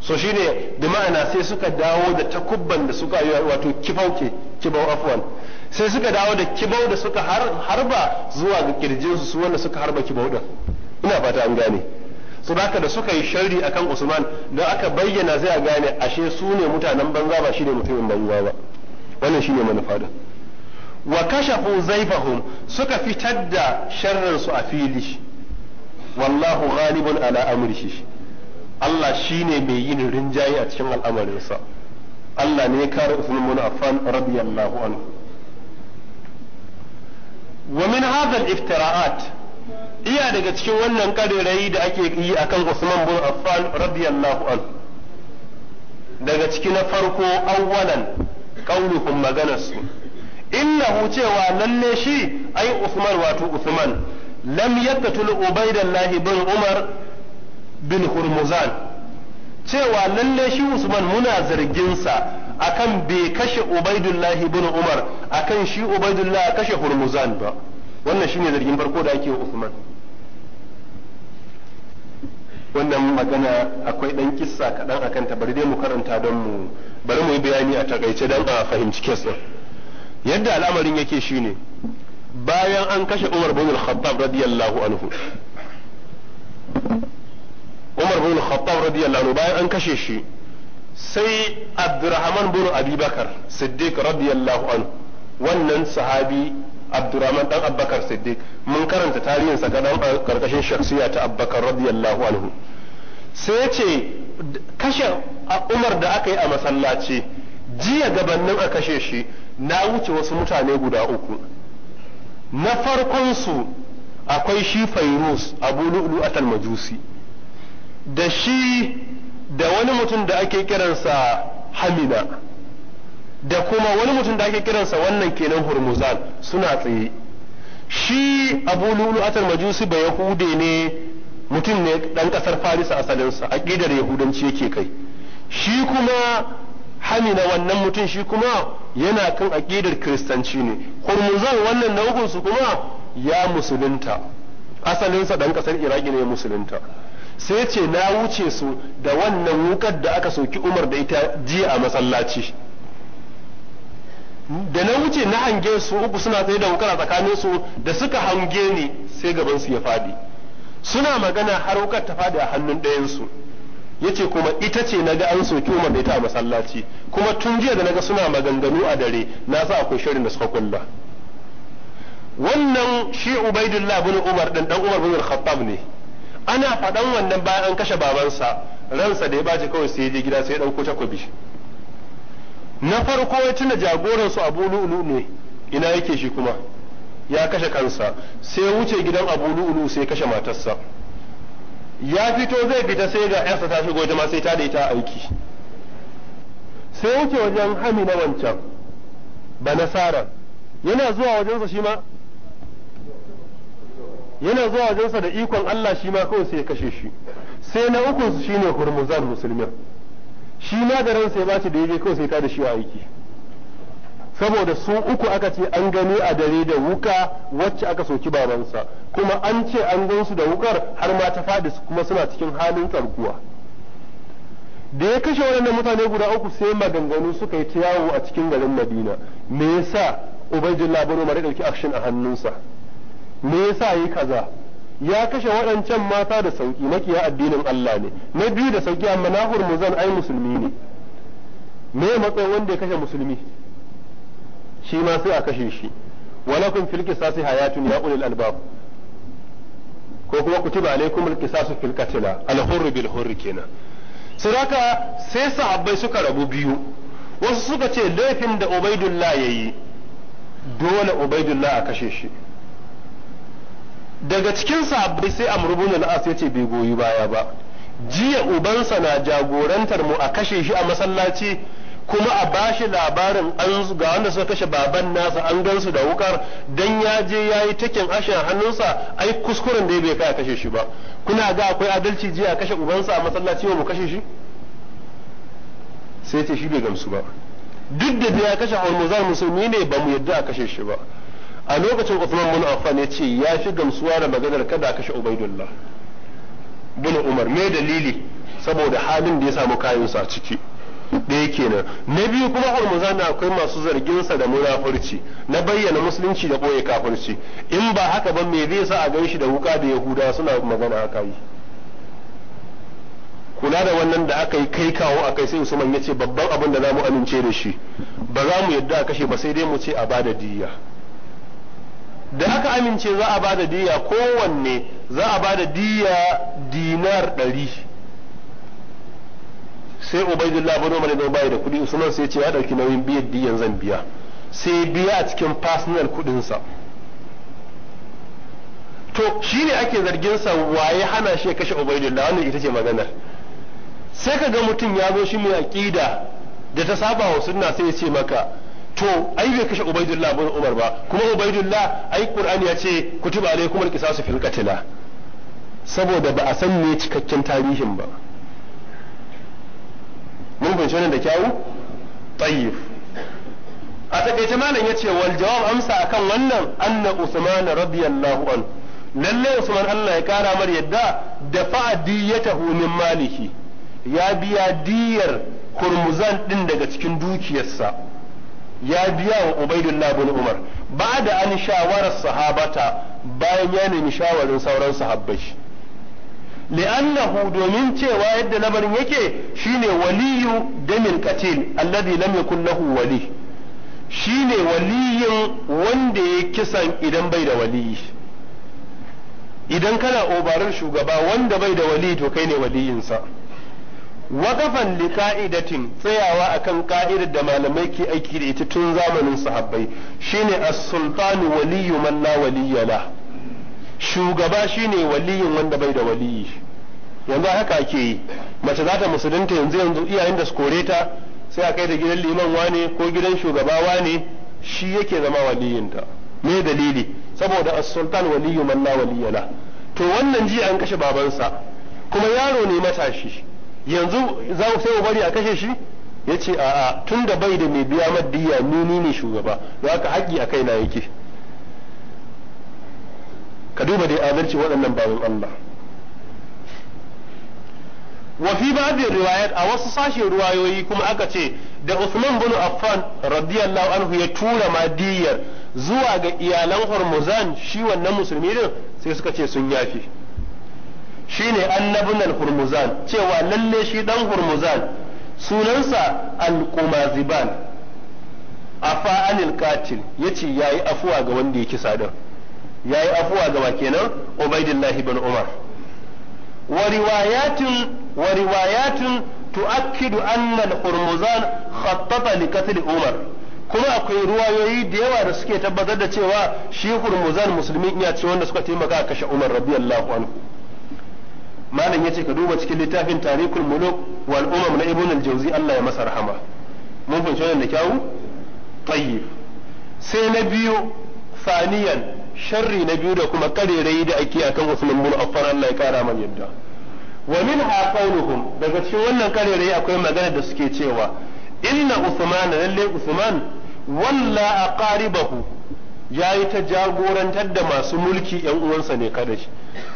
so shine bi ma'ana sai suka dawo da takubban da suka yi wato kibau ke kibau afwan sai suka dawo da kibau da suka harba zuwa ga su su wanda suka harba kibau din ina fata an gane su haka da suka yi sharri akan usman don aka bayyana zai a gane ashe su ne mutanen banza ba shine mutumin banza ba wannan ne manufa da wa kashafu zaifahum suka fitar da sharransu a fili wallahu ghalibun ala amrihi Allah shine mai yin rinjaye a cikin al'amarinsa Allah ne ya kare Usman radiyallahu anhu wa min hadha al-iftira'at iya daga cikin wannan kadirai da ake yi akan Usman bin Affan radiyallahu anhu daga ciki na farko awwalan qauluhum maganarsu innahu cewa lalle shi ai Usman wato Usman lam yaqtul Ubaidullah bin Umar bin Hurmuzan cewa lalle shi Usman muna zargin sa akan bai kashe Ubaydullah bin Umar akan shi Ubaydullah kashe Hurmuzan ba wannan shine zargin farko da ake wa Usman wannan magana akwai dan kissa kaɗan akan ta bari dai mu karanta don mu bari mu yi bayani a takaice don a fahimci kes din yadda al'amarin yake shine bayan an kashe Umar bin Al-Khattab radiyallahu anhu Umar bin Al-Khattab radiyallahu anhu bayan an kashe shi sai Abdurrahman bin Abi Bakar Siddiq radiyallahu anhu wannan sahabi abdurrahman dan Abubakar siddiq mun karanta tarihinsa ga dan karkashin shakhsiya ta abbakar radiyallahu anhu sai ce kashe umar da aka yi a masallaci jiya gabanin a kashe shi na wuce wasu mutane guda uku na farkon su akwai shi fairus abu lu'lu atal majusi da shi da wani mutum da ake kiransa hamina da kuma wani mutum da ake kiransa wannan kenan hurmuzan suna tsaye shi abu lulu atar majusi ba yahude ne mutum ne dan kasar farisa asalinsa aqidar yahudanci yake kai shi kuma hamina wannan mutum shi kuma yana kan aƙidar kiristanci ne hurmuzan wannan na su kuma ya musulunta asalinsa dan kasar iraki ne ya musulunta sai ce na wuce su da wannan wukar da aka soki umar da ita jiya a masallaci da na wuce na hange su uku suna tsaye da wukar a tsakanin su da suka hange ni sai gaban su ya fadi suna magana har wukar ta fadi a hannun ɗayan su yace kuma ita ce naga an soki umar da ita a masallaci kuma tun jiya da naga suna maganganu a dare na sa akwai shirin da suka kulla wannan shi ubaidullah bin umar dan dan umar bin khattab ne ana faɗan wannan bayan an kashe babansa ransa da ya bace kawai sai ya je gida sai ya dauko takobi na farko ya tuna jagoran su Abu Lu'lu ne ina yake shi kuma ya kashe kansa sai wuce gidan Abu Lu'lu sai kashe matarsa ya fito zai fita sai ga yarsa ta shigo jama sai ta da ita aiki sai wuce wajen hami na wancan ba nasara yana zuwa wajensa shi ma yana zuwa wajensa da ikon Allah shi ma kawai sai ya kashe shi sai na uku shine hurmuzan musulmin shi ma da ransa ya baci da yaje kawai sai ka da shi a aiki saboda su uku aka ce an gani a dare da wuka wacce aka soki babansa kuma an ce an gansu da wukar har ma ta faɗi kuma suna cikin halin karkuwa da ya kashe waɗannan mutane guda uku sai maganganu suka yi ta yawo a cikin garin madina me yasa ubangijin bin mara ɗauki action a hannunsa me yasa yi kaza ya kashe waɗancan mata da sauƙi makiya addinin Allah ne na biyu da sauƙi amma na hurmuzan ai musulmi ne me matsayin wanda ya kashe musulmi shi ma sai a kashe shi walakum fil qisasi hayatun ya ulil albab ko kuma kutiba alaikum al qisasu fil qatla al hurr bil hurr kenan sadaka sai sahabbai suka rabu biyu wasu suka ce laifin da ubaidullah yayi dole ubaidullah a kashe shi daga cikin sahabbai sai amr na al-as yace bai goyi baya ba jiya ubansa na jagorantar mu a kashe shi a masallaci kuma a bashi labarin an ga wanda suka kashe baban nasa an gansu da wukar dan ya je yayi takin ashin hannunsa ai kuskuren da bai kai kashe shi ba kuna ga akwai adalci jiya kashe ubansa a masallaci mu kashe shi sai ce shi bai gamsu ba duk da ya kashe hormuzan musulmi ne ba mu yadda a kashe shi ba a lokacin Uthman bin Affan ya ce ya fi gamsuwa da maganar kada kashe Ubaydullah bin Umar me dalili saboda halin da ya samu kayansa a ciki daya kenan na biyu kuma hormuzana akwai masu zarginsa da munafurci na bayyana musulunci da ɓoye kafirci in ba haka ba me zai sa a gan shi da wuka da yahuda suna magana haka yi kula da wannan da aka yi kai kawo a kai sai usman ya ce babban abin da za mu amince da shi ba za mu yadda a kashe ba sai dai mu ce a bada diyya da aka amince za a ba da diya kowanne za a ba da diya dinar ɗari sai ubaidullah bin umar idan bai da kuɗi usman sai ce ya ɗauki nauyin biyan diyan zan biya sai biya a cikin personal kuɗinsa to shi ne ake zargin sa waye hana shi kashe ubaidullah wannan ita ce maganar sai ka ga mutum ya zo shi mai aƙida da ta saba wa sunna sai ya ce maka to ai bai kashe ubaidullah ba umar ba kuma ubaidullah ai qur'ani ya ce kutiba alaikum alqisasu fil qatla saboda ba a san me cikakken tarihin ba mun fahimci wannan da kyawu tayyib a takaice malam ya ce wal jawab amsa akan wannan anna usman radiyallahu an lalle usman Allah ya kara mar yadda da fa'adiyatahu min maliki ya biya diyar hurmuzan din daga cikin dukiyarsa ya biya wa ubaidullah bin umar ba da an shawarar sahabata bayan ya nemi shawarin sauran sahabbai li'annahu domin cewa yadda labarin yake shine waliyu damin katil alladhi lam yakun lahu wali shine waliyin wanda ya kisan idan bai da wali idan kana obarin shugaba wanda bai da wali to kai ne waliyinsa wakafan li ka'idatin tsayawa akan ka'idar da malamai ke aiki da ita tun zamanin sahabbai shine as-sultanu waliyyu man la waliyya la shugaba shine waliyin wanda bai da waliyi yanzu haka ake yi mace za ta musulunta yanzu yanzu iyayen da su kore ta sai a kai da gidan liman wane ko gidan shugaba wane shi yake zama ta me dalili saboda as-sultan waliyyu man la waliyya la to wannan ji an kashe babansa kuma yaro ne matashi yanzu za ku sai bari a kashe shi ya ce a'a tun da bai da mai biya maddiya ni ni ne shugaba don haka haƙƙi a kaina yake ka duba dai adalci waɗannan bayan Allah wa fi da riwayat a wasu sashen ruwayoyi kuma aka ce da Usman bin Affan radiyallahu anhu ya tura madiyar zuwa ga iyalan Hormuzan shi wannan musulmi din sai suka ce sun yafi shine annabun al-hurmuzan cewa lalle shi dan hurmuzan sunansa al-qumaziban afa anil katil yace yayi afuwa ga wanda ya kisa din yayi afuwa ga ba kenan ubaidillah ibn umar wa riwayatun wa riwayatun tu'akkidu anna al-hurmuzan khattata li umar kuma akwai ruwayoyi da yawa da suke tabbatar da cewa shi hurmuzan musulmi iya ce wanda suka taimaka kashe umar radiyallahu anhu malam yace ka duba cikin littafin tarikul muluk wal umam na ibn al jawzi Allah ya masa rahama mun fahimci wannan da kyawu tayyib sai na biyu faniyan sharri na biyu da kuma karerai da ake akan Usman bin Affan Allah ya kara man yadda wa minha qawluhum daga cikin wannan karerai akwai magana da suke cewa inna Usman lalle Usman walla aqaribahu ya yi ta jagorantar da masu mulki yan uwansa ne kada shi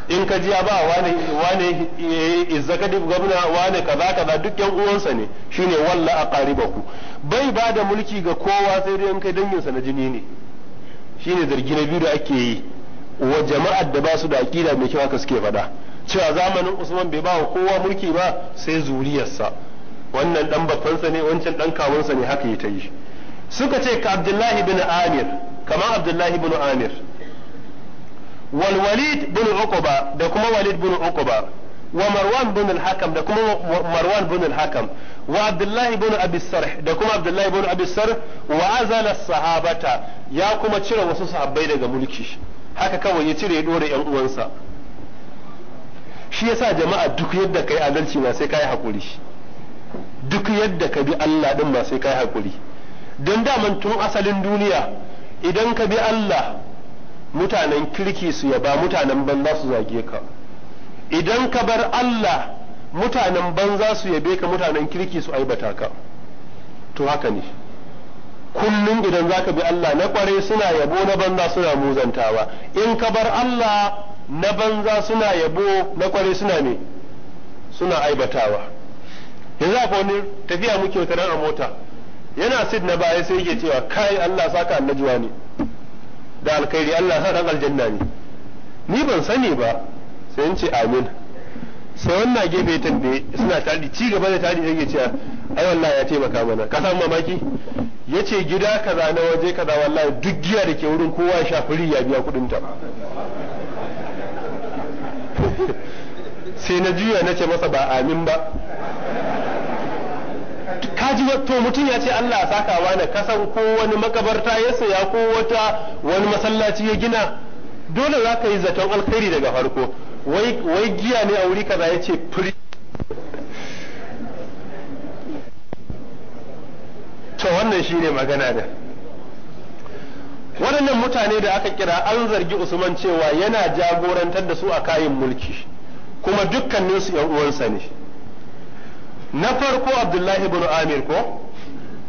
in ka jiya ba wane wane eh, izzakadi gwamna wane kaza kaza duk yan uwansa ne shine walla a aqaribaku bai ba da mulki ga kowa sai dai in kai na jini ne shine zargi na biyu da ake yi wa jama'ar da ba su da aqida mai kyau haka suke faɗa cewa zamanin Usman bai ba wa kowa mulki ba sai zuriyarsa wannan dan babbansa ne wancan dan kawunsa ne haka ya ta yi suka ce ka Abdullahi bin Amir kamar abdullahi bin amir wal walid bin uquba da kuma walid bin uquba wa marwan bin al-hakam da kuma marwan bin al-hakam wa abdullahi bin abi sarh da kuma abdullahi bin abi sarh wa azala sahabata ya kuma cire wasu sahabbai daga mulki haka kawai ya cire ya dore yan uwansa shi yasa jama'a duk yadda kai adalci ma sai kai hakuri duk yadda ka bi Allah din ma sai kai hakuri don daman tun asalin duniya idan ka bi Allah mutanen kirki su yaba mutanen banza su zage ka idan ka bar Allah mutanen banza su yabe ka mutanen kirki su aibata ka to haka ne kullum idan za ka bi Allah na kware suna yabo na banza suna muzantawa in ka bar Allah na banza suna yabo na kware suna ne suna aibatawa yanzu akwai wani tafiya muke wata a mota yana sid na baya sai yake cewa kai Allah saka annajuwa ne da alkhairi Allah sa ran aljanna ne ni ban sani ba sai in ce amin sai wannan gefe da suna tadi ci gaba da tadi yake cewa ai wallahi ya taimaka mana ka san mamaki yace gida kaza na waje kaza wallahi duk giya da ke wurin kowa ya shafuri ya biya kudin ta sai na juya na ce masa ba amin ba kaji wato mutum ya ce Allah ya saka wani kasan ko wani makabarta ya saya ko wata wani masallaci ya gina dole za ka yi zaton alkhairi daga farko wai giya ne a wuri kaza ya ce firi to wannan shine magana da waɗannan mutane da aka kira an zargi usman cewa yana jagorantar da su a kayan mulki kuma dukkaninsu 'yan uwansa ne na farko abdullahi bin amir ko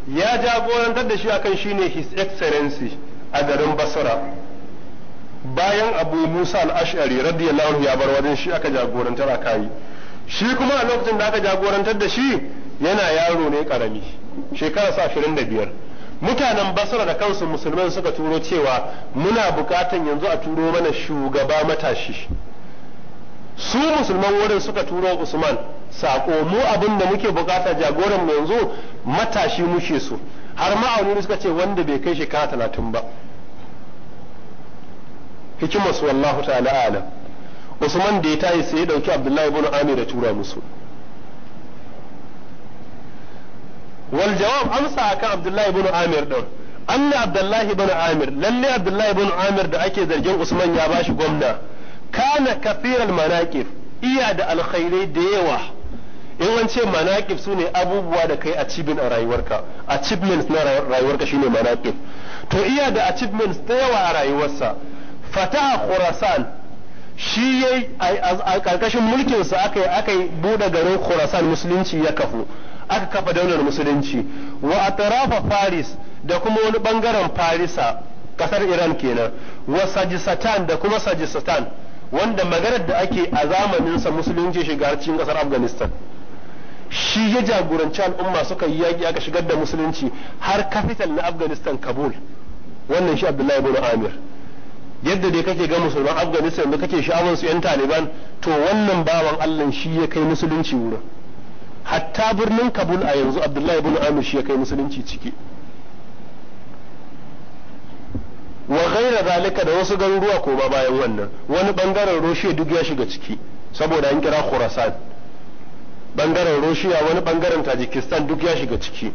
ya jagorantar da shi akan shine his excellency a garin basra bayan abu musa al-ash'ari radiyallahu anhu ya bar wajen shi aka jagorantar a kayi shi kuma a lokacin da aka jagorantar da shi yana yaro ne karami shekara sa 25 mutanen basra da kansu musulman suka turo cewa muna bukatan yanzu a turo mana shugaba matashi su musulman wurin suka turo usman sako mu abin da muke bukata jagoran mu yanzu matashi mushe su har ma'auni suka ce wanda bai kai shekara talatin ba hikimar su wallahu ta'ala ala usman da ya tayi sai ya dauki abdullahi ibn amir da tura musu wal jawab amsa akan abdullahi ibn amir din anna abdullahi ibn amir lalle abdullahi ibn amir da ake zargin usman ya bashi gwamna kana kafiral manaƙif iya da alkhairai da yawa in an ce manaqib sune abubuwa da kai achievement a rayuwarka achievements na rayuwarka shine manaƙif to iya da achievements da yawa a rayuwarsa fataha khurasan shi yayi a mulkin sa aka akai buɗe garin kurasan musulunci ya kafu aka kafa daular musulunci wa atrafa faris da kuma wani bangaren farisa ƙasar iran kenan wa sajisatan da kuma sajisatan wanda maganar da ake a zamaninsa musulunci shiga cikin kasar afghanistan shi ya jagoranci al'umma suka yi yaƙi aka shigar da musulunci har kafital na afghanistan kabul wannan shi abdullahi bin amir yadda dai kake ga musulman afghanistan da kake sha'awar su 'yan taliban to wannan bawan allah shi ya kai musulunci wurin hatta birnin kabul a yanzu abdullahi bin amir shi ya kai musulunci ciki wa gaira zalika da wasu garuruwa ko ba bayan wannan wani bangaren roshiya duk ya shiga ciki saboda an kira khurasan bangaren roshiya wani bangaren tajikistan duk ya shiga ciki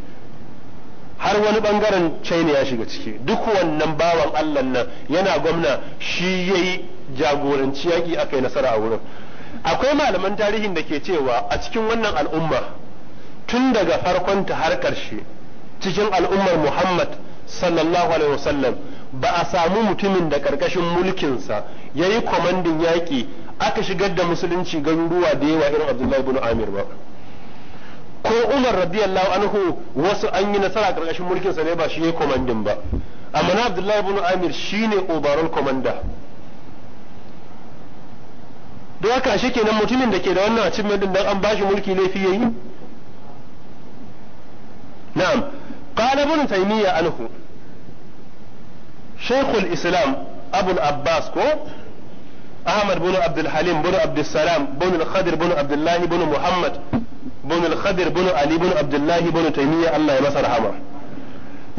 har wani bangaren china ya shiga ciki duk wannan bawan allah nan yana gwamna shi ya yi jagoranci yaƙi aka nasara a wurin akwai malaman tarihin da ke cewa a cikin wannan al'umma tun daga farkonta har ƙarshe cikin al'ummar muhammad sallallahu alaihi wasallam ba a samu mutumin da ƙarƙashin mulkinsa ya yi kwamandin yaƙi aka shigar da musulunci garuruwa da yawa irin abdullahi bin amir ba ko umar radiyallahu anhu wasu an yi nasara ƙarƙashin mulkinsa ne ba shi ya kwamandin ba amma na abdullahi bin amir shine overall commander don haka shi kenan mutumin da ke da wannan cin din dan an bashi mulki laifi yayi na'am qala ibn taymiya anhu شيخ islam abul abbas ko ahmad bin abdul halim bin عبد السلام بن khadir bin abdullahi bin muhammad bin khadir bin ali bin abdullahi عبد الله Allah ya masa يمسر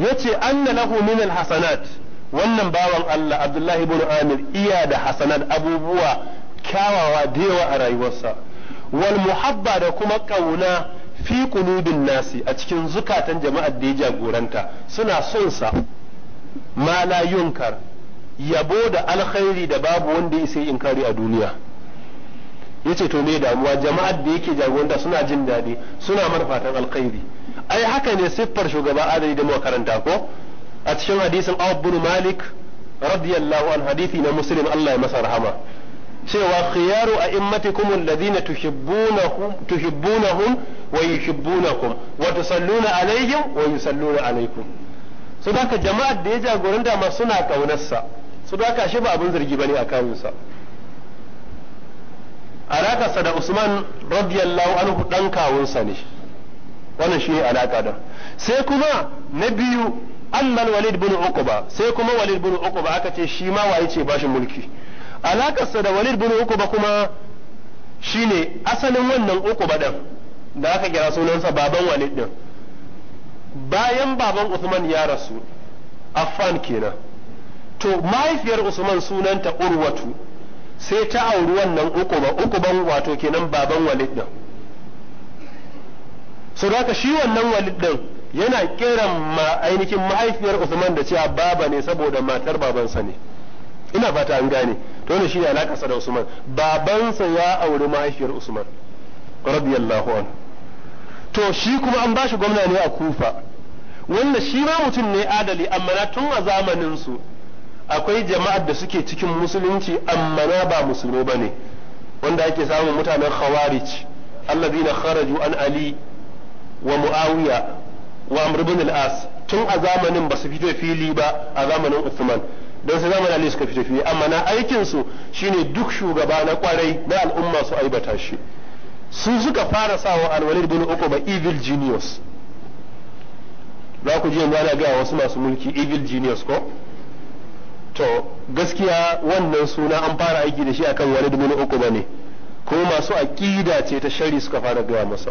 yace يتي lahu له من الحسنات wannan bawan Allah Abdullahi ibn Amir iya da hasanan abubuwa kyawawa da yawa a rayuwarsa wal muhabba da kuma kauna fi qulubin nasi a cikin zukatan jama'ar da ya jagoranta suna son sa ma la yunkar yabo da alkhairi da babu wanda ya sai inkari a duniya yace to me damuwa jama'ar da yake jagoranta suna jin daɗi suna marfatan alkhairi ai haka ne siffar shugaba adali da makaranta ko a cikin hadisin Awab Malik radiyallahu an hadisi na Muslim Allah ya masa rahama cewa khiyaru immatikum alladhina tuhibbunahum tuhibbunahum wa yuhibbunakum wa tusalluna alaihim wa yusalluna alaikum su da jama'ar da ya jagoranta dama suna ƙaunarsa su da shi ba abin zargi bane a kawunsa alakarsa da usman radiyallahu anhu dan kawunsa ne wannan shi ne alaka da sai kuma na biyu amman walid bin uquba sai kuma walid bin uquba aka ce shi ma waye ce bashin mulki alakarsa da walid bin uquba kuma shine asalin wannan uquba din da aka kira sunansa baban walid din bayan baban Usman ya rasu Affan kenan to mahaifiyar Usman sunanta Urwatu sai ta auri wannan ukuba ukuban wato kenan baban Walid din so haka shi wannan Walid din yana kiran ma ainihin mahaifiyar Usman da cewa baba ne saboda matar babansa ne ina fata an gane to ne shine alakarsa da Usman babansa ya auri mahaifiyar Usman radiyallahu anhu to shi kuma an bashi gwamna ne a kufa wanda shi ma mutum ne adali amma na tun a zamanin su akwai jama'ar da suke cikin musulunci amma na ba musulmai bane wanda ake samun mutanen khawarij alladhina kharaju an ali wa muawiya wa amr ibn al-as tun a zamanin ba su fito fili ba a zamanin Usman don sai zamanin Ali suka fito fili amma na aikin su shine duk shugaba na kwarai na al'umma su aibata shi su suka fara sawa alwalid bin ukuba evil genius za ku je ana ga wasu masu mulki evil genius ko to gaskiya wannan suna an fara aiki da shi akan walid bin ukuba ne kuma masu aqida ce ta shari suka fara gaya masa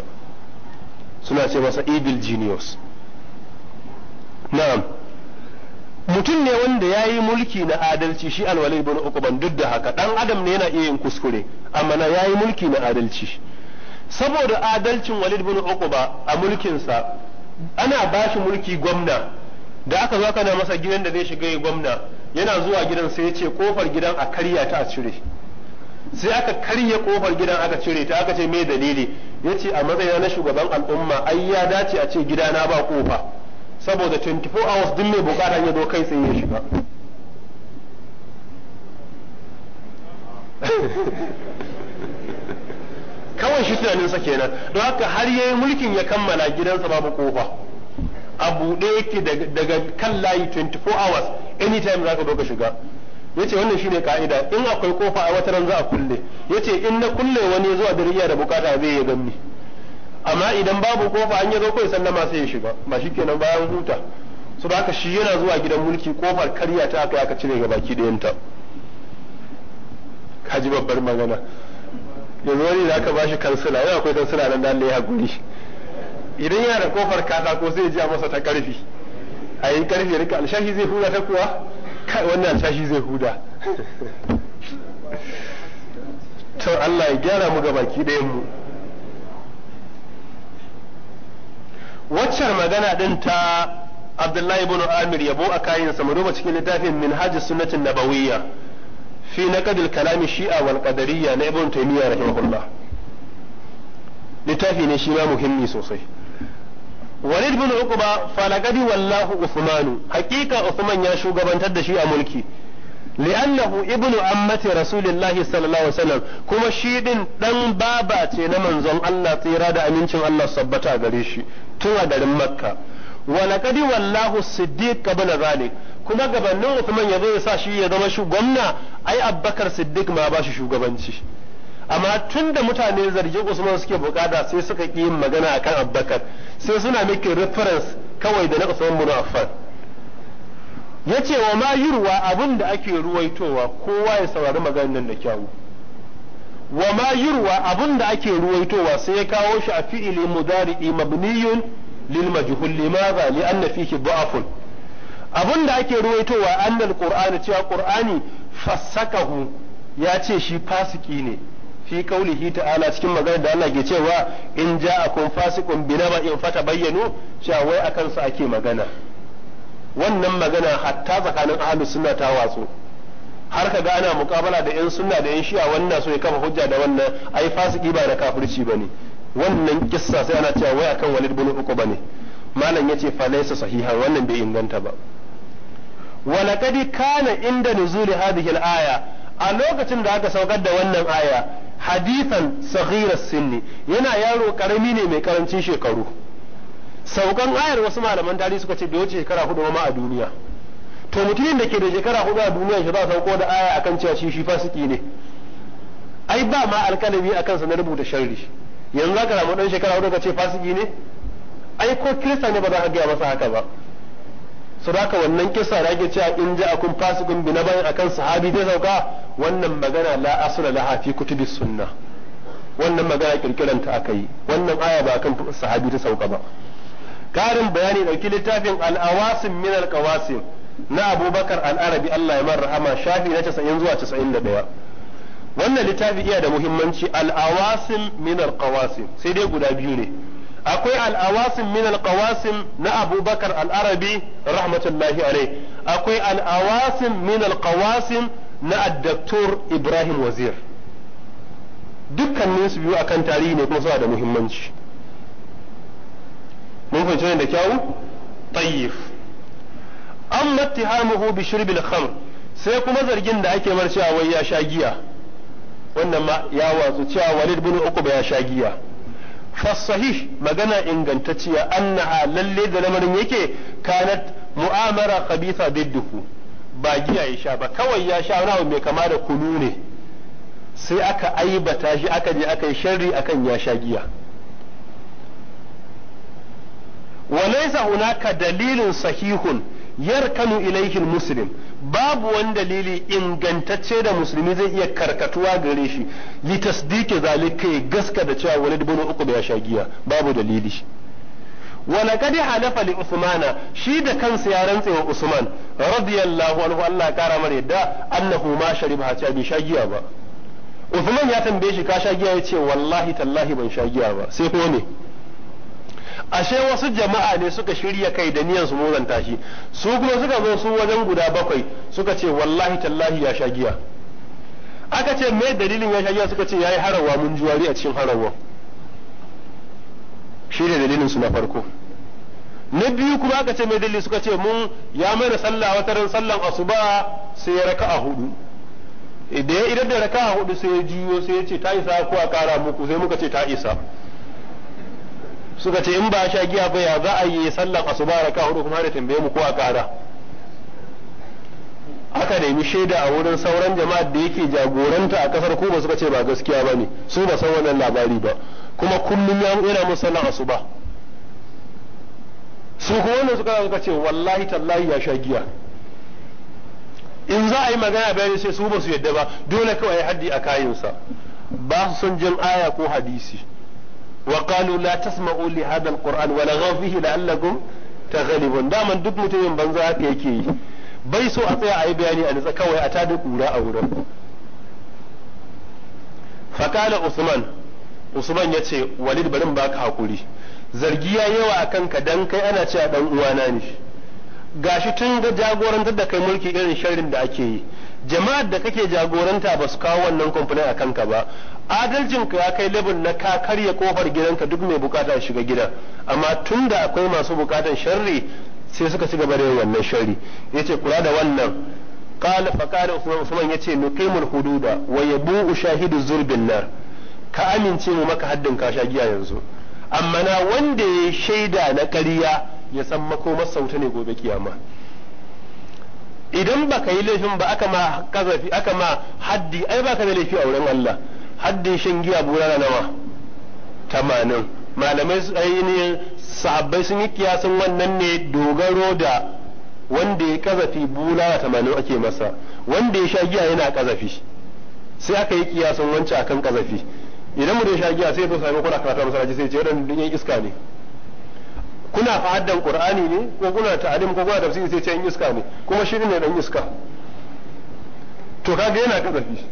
suna ce masa evil genius na'am mutum ne wanda ya yi mulki na adalci shi alwalid bin ukuban duk da haka dan adam ne yana iya yin kuskure amma na ya yi mulki na adalci saboda adalcin walid bin uquba a mulkinsa ana ba shi mulki gwamna da aka zo aka masa gidan da zai shiga yi gwamna yana zuwa gidan sai ya ce kofar gidan a karya ta a cire sai aka karya kofar gidan aka cire ta aka ce me dalili ya ce a matsayina na shugaban al'umma ai ya dace a ce gidana ba kofa saboda 24 hours duk mai bukata ya zo kai sai ya shiga kawai shi tunaninsa kenan don haka har yayi mulkin ya kammala gidansa babu kofa a buɗe yake daga kan layi 24 hours anytime za ka zo shiga yace wannan shine ka'ida in akwai kofa a wata ran za a kulle yace in na kulle wani zuwa riya da bukata zai ya ganni amma idan babu kofa an ya zo kai sallama sai ya shiga ba shi kenan bayan huta su da haka shi yana zuwa gidan mulki kofar karya ta aka aka cire ga baki ɗayanta ji babbar magana yanzu wani da aka bashi kansila yau akwai kansila nan da ya haƙuri idan yana da kofar katako sai ya ji a masa ta karfi a yi karfi rika alshashi zai huda ta kuwa kai wannan alshashi zai huda to Allah ya gyara mu ga baki ɗayan mu waccan magana din ta Abdullahi ibn Amir yabo a kayan sa mu duba cikin littafin Minhajus Sunnatin Nabawiyya fi naqdil kalami shi'a wal qadariyya na ibn taymiyyah rahimahullah littafi ne shi ma muhimmi sosai walid bin uqba falaqadi wallahu usman haqiqa usman ya shugabantar da shi a mulki li'annahu ibnu ammati rasulillahi sallallahu alaihi wasallam kuma shi din dan baba ce na manzon Allah tsira da amincin Allah sabbata gare shi tun a garin makka walaqadi wallahu siddiq qabla zalik kuma gabanin Uthman ya zo ya sa shi ya zama gwamna ai Abubakar Siddiq ma ba shi shugabanci amma tun da mutane zargin Usman suke bukata sai suka ki yin magana akan Abubakar sai suna miki reference kawai da na Usman bin Affan yace wa ma yurwa abin da ake ruwaitowa kowa ya saurari maganar nan da kyawu wa ma yurwa abin da ake ruwaitowa sai ya kawo shi a fi'ili mudari'i mabniyun lil majhul limadha li anna fihi dha'fun abin da ake ruwaitowa annal qur'ani cewa qur'ani fassakahu ya ce shi fasiki ne fi qaulihi ta'ala cikin maganar da Allah ke cewa in ja'akum fasiqun binaba'in fatabayyanu cewa wai akan su ake magana wannan magana hatta tsakanin ahlus sunna ta watsu har ka ga ana muƙabala da 'yan sunna da 'yan shi'a wannan so ya kafa hujja da wannan ai fasiki ba da kafirci bane wannan kissa sai ana cewa wai akan walid bin uku bane malam yace fa laysa sahihan wannan bai inganta ba wa laqad kana inda nuzuli hadhihi al-aya a lokacin da aka saukar da wannan aya hadithan saghira sinni yana yaro karami ne mai karancin shekaru saukan ayar wasu malaman tarihi suka ce bai wuce shekara hudu ma a duniya to mutumin da ke da shekara hudu a duniya shi za a sauko da aya akan cewa shi shi fasiki ne ai ba ma alkalami akan sa na rubuta sharri yanzu za ka ramu dan shekara hudu ka ce fasiki ne ai ko kirista ne ba za ka gaya masa haka ba su raka wannan kisa da ake cewa in ja akun fasikun bi bayan akan sahabi zai sauka wannan magana la asula laha fi kutubi sunna wannan magana ta aka yi wannan aya ba akan sahabi ta sauka ba karin bayani dauki littafin al-awasim min al na abubakar al-arabi Allah ya mar rahama shafi na 90 zuwa 91 wannan littafi iya da muhimmanci al-awasim min al sai dai guda biyu ne akwai al'awasin min alqawasim na abubakar al'arabi rahmatullahi alai akwai al'awasin min alqawasim na addaktor ibrahim wazir dukkanin su biyu akan tarihi ne kuma suna da muhimmanci mun fahimci da kyawu tayyif amma ittihamuhu bi shirbil khamr sai kuma zargin da ake mar cewa wai ya sha giya wannan ma ya watsu cewa walid bin uqba ya sha giya fasahih magana ingantacciya annaha lalle da lamarin yake kanat mu'amara khabitha ba giya ya sha ba kawai ya sha wani mai kama da kunu ne sai aka aibata shi aka je aka yi sharri akan ya sha giya wa laysa hunaka dalilin sahihun yar yarkanu ilaihi muslim babu wani dalili ingantacce da musulmi zai iya karkatuwa gare shi li tasdiki zalika gaska da cewa walid uku da ya sha giya babu dalili Wani kadi halafa li usmana shi da kansa ya rantse wa usman radiyallahu anhu Allah ya kara mare da annahu ma shariba ha bi shagiya ba usman ya tambaye shi ka sha shagiya yace wallahi tallahi ban sha giya ba sai ko ne ashe wasu jama'a ne suka shirya kai da niyan su muranta shi su kuma suka zo su wajen guda bakwai suka ce wallahi tallahi ya sha giya aka ce me dalilin ya sha giya suka ce yayi harawa mun juwari a cikin harawa shi ne dalilin su na farko na biyu kuma aka ce me dalili suka ce mun ya mana sallah wata ran sallan asuba sai ya raka hudu idan da raka hudu sai ya juyo sai ya ce ta isa ko a kara muku sai muka ce ta isa suka ce in ba sha giya ba ya za a yi sallan asuba ka hudu kuma da tambaye mu ko a kara aka nemi shaida a wurin sauran jama'a da yake jagoranta a kasar kuma suka ce ba gaskiya ba ne su ba san wannan labari ba kuma kullum ya yana mun sallar asuba su kuma wannan suka suka ce wallahi tallahi ya sha giya in za a yi magana bayani sai su ba su yadda ba dole kawai haddi a kayansa ba su son jin aya ko hadisi وقالوا لا تسمعوا لهذا القرآن ولغوا فيه لعلكم تغلبون دائما duk mutumin بنزا هكا yake yi bai so a tsaya ayi bayani a nitsa kawai a da kura a wurin fakala usman usman ya ce walid barin baka hakuri zargi ya yawa a kanka dan kai ana cewa dan uwana ne gashi tun ga jagorantar da kai mulki irin sharrin da ake yi jama'ar da kake jagoranta ba su kawo wannan kwamfanin a kanka ba adalcin ka ya kai level na ka karya kofar gidanka duk mai bukata ya shiga gidan amma tun da akwai masu bukatan sharri sai suka ci gaba da yin wannan sharri yace kula da wannan qala fa qala usman yace nuqimul hududa wa yabu shahidu zurbin nar ka amince mu maka haddin kasha giya yanzu amma na wanda ya shaida na ƙarya ya san makomar wuta ne gobe kiyama idan baka yi laifin ba aka ma kazafi aka ma haddi ai baka da laifi a wurin Allah haddi shan giya na nawa tamanin malamai su ne sahabbai sun yi kiyasin wannan ne dogaro da wanda ya kazafi bulala tamanin ake masa wanda ya sha giya yana kazafi sai aka yi kiyasin wancan akan kazafi idan mu da ya sha giya sai ya zo sami kuna karatu masallaci sai ce waɗanda iska ne kuna fa'addan qur'ani ne ko kuna ta'alim ko kuna tafsiri sai ce iska ne kuma shi ne dan iska to kaga yana kazafi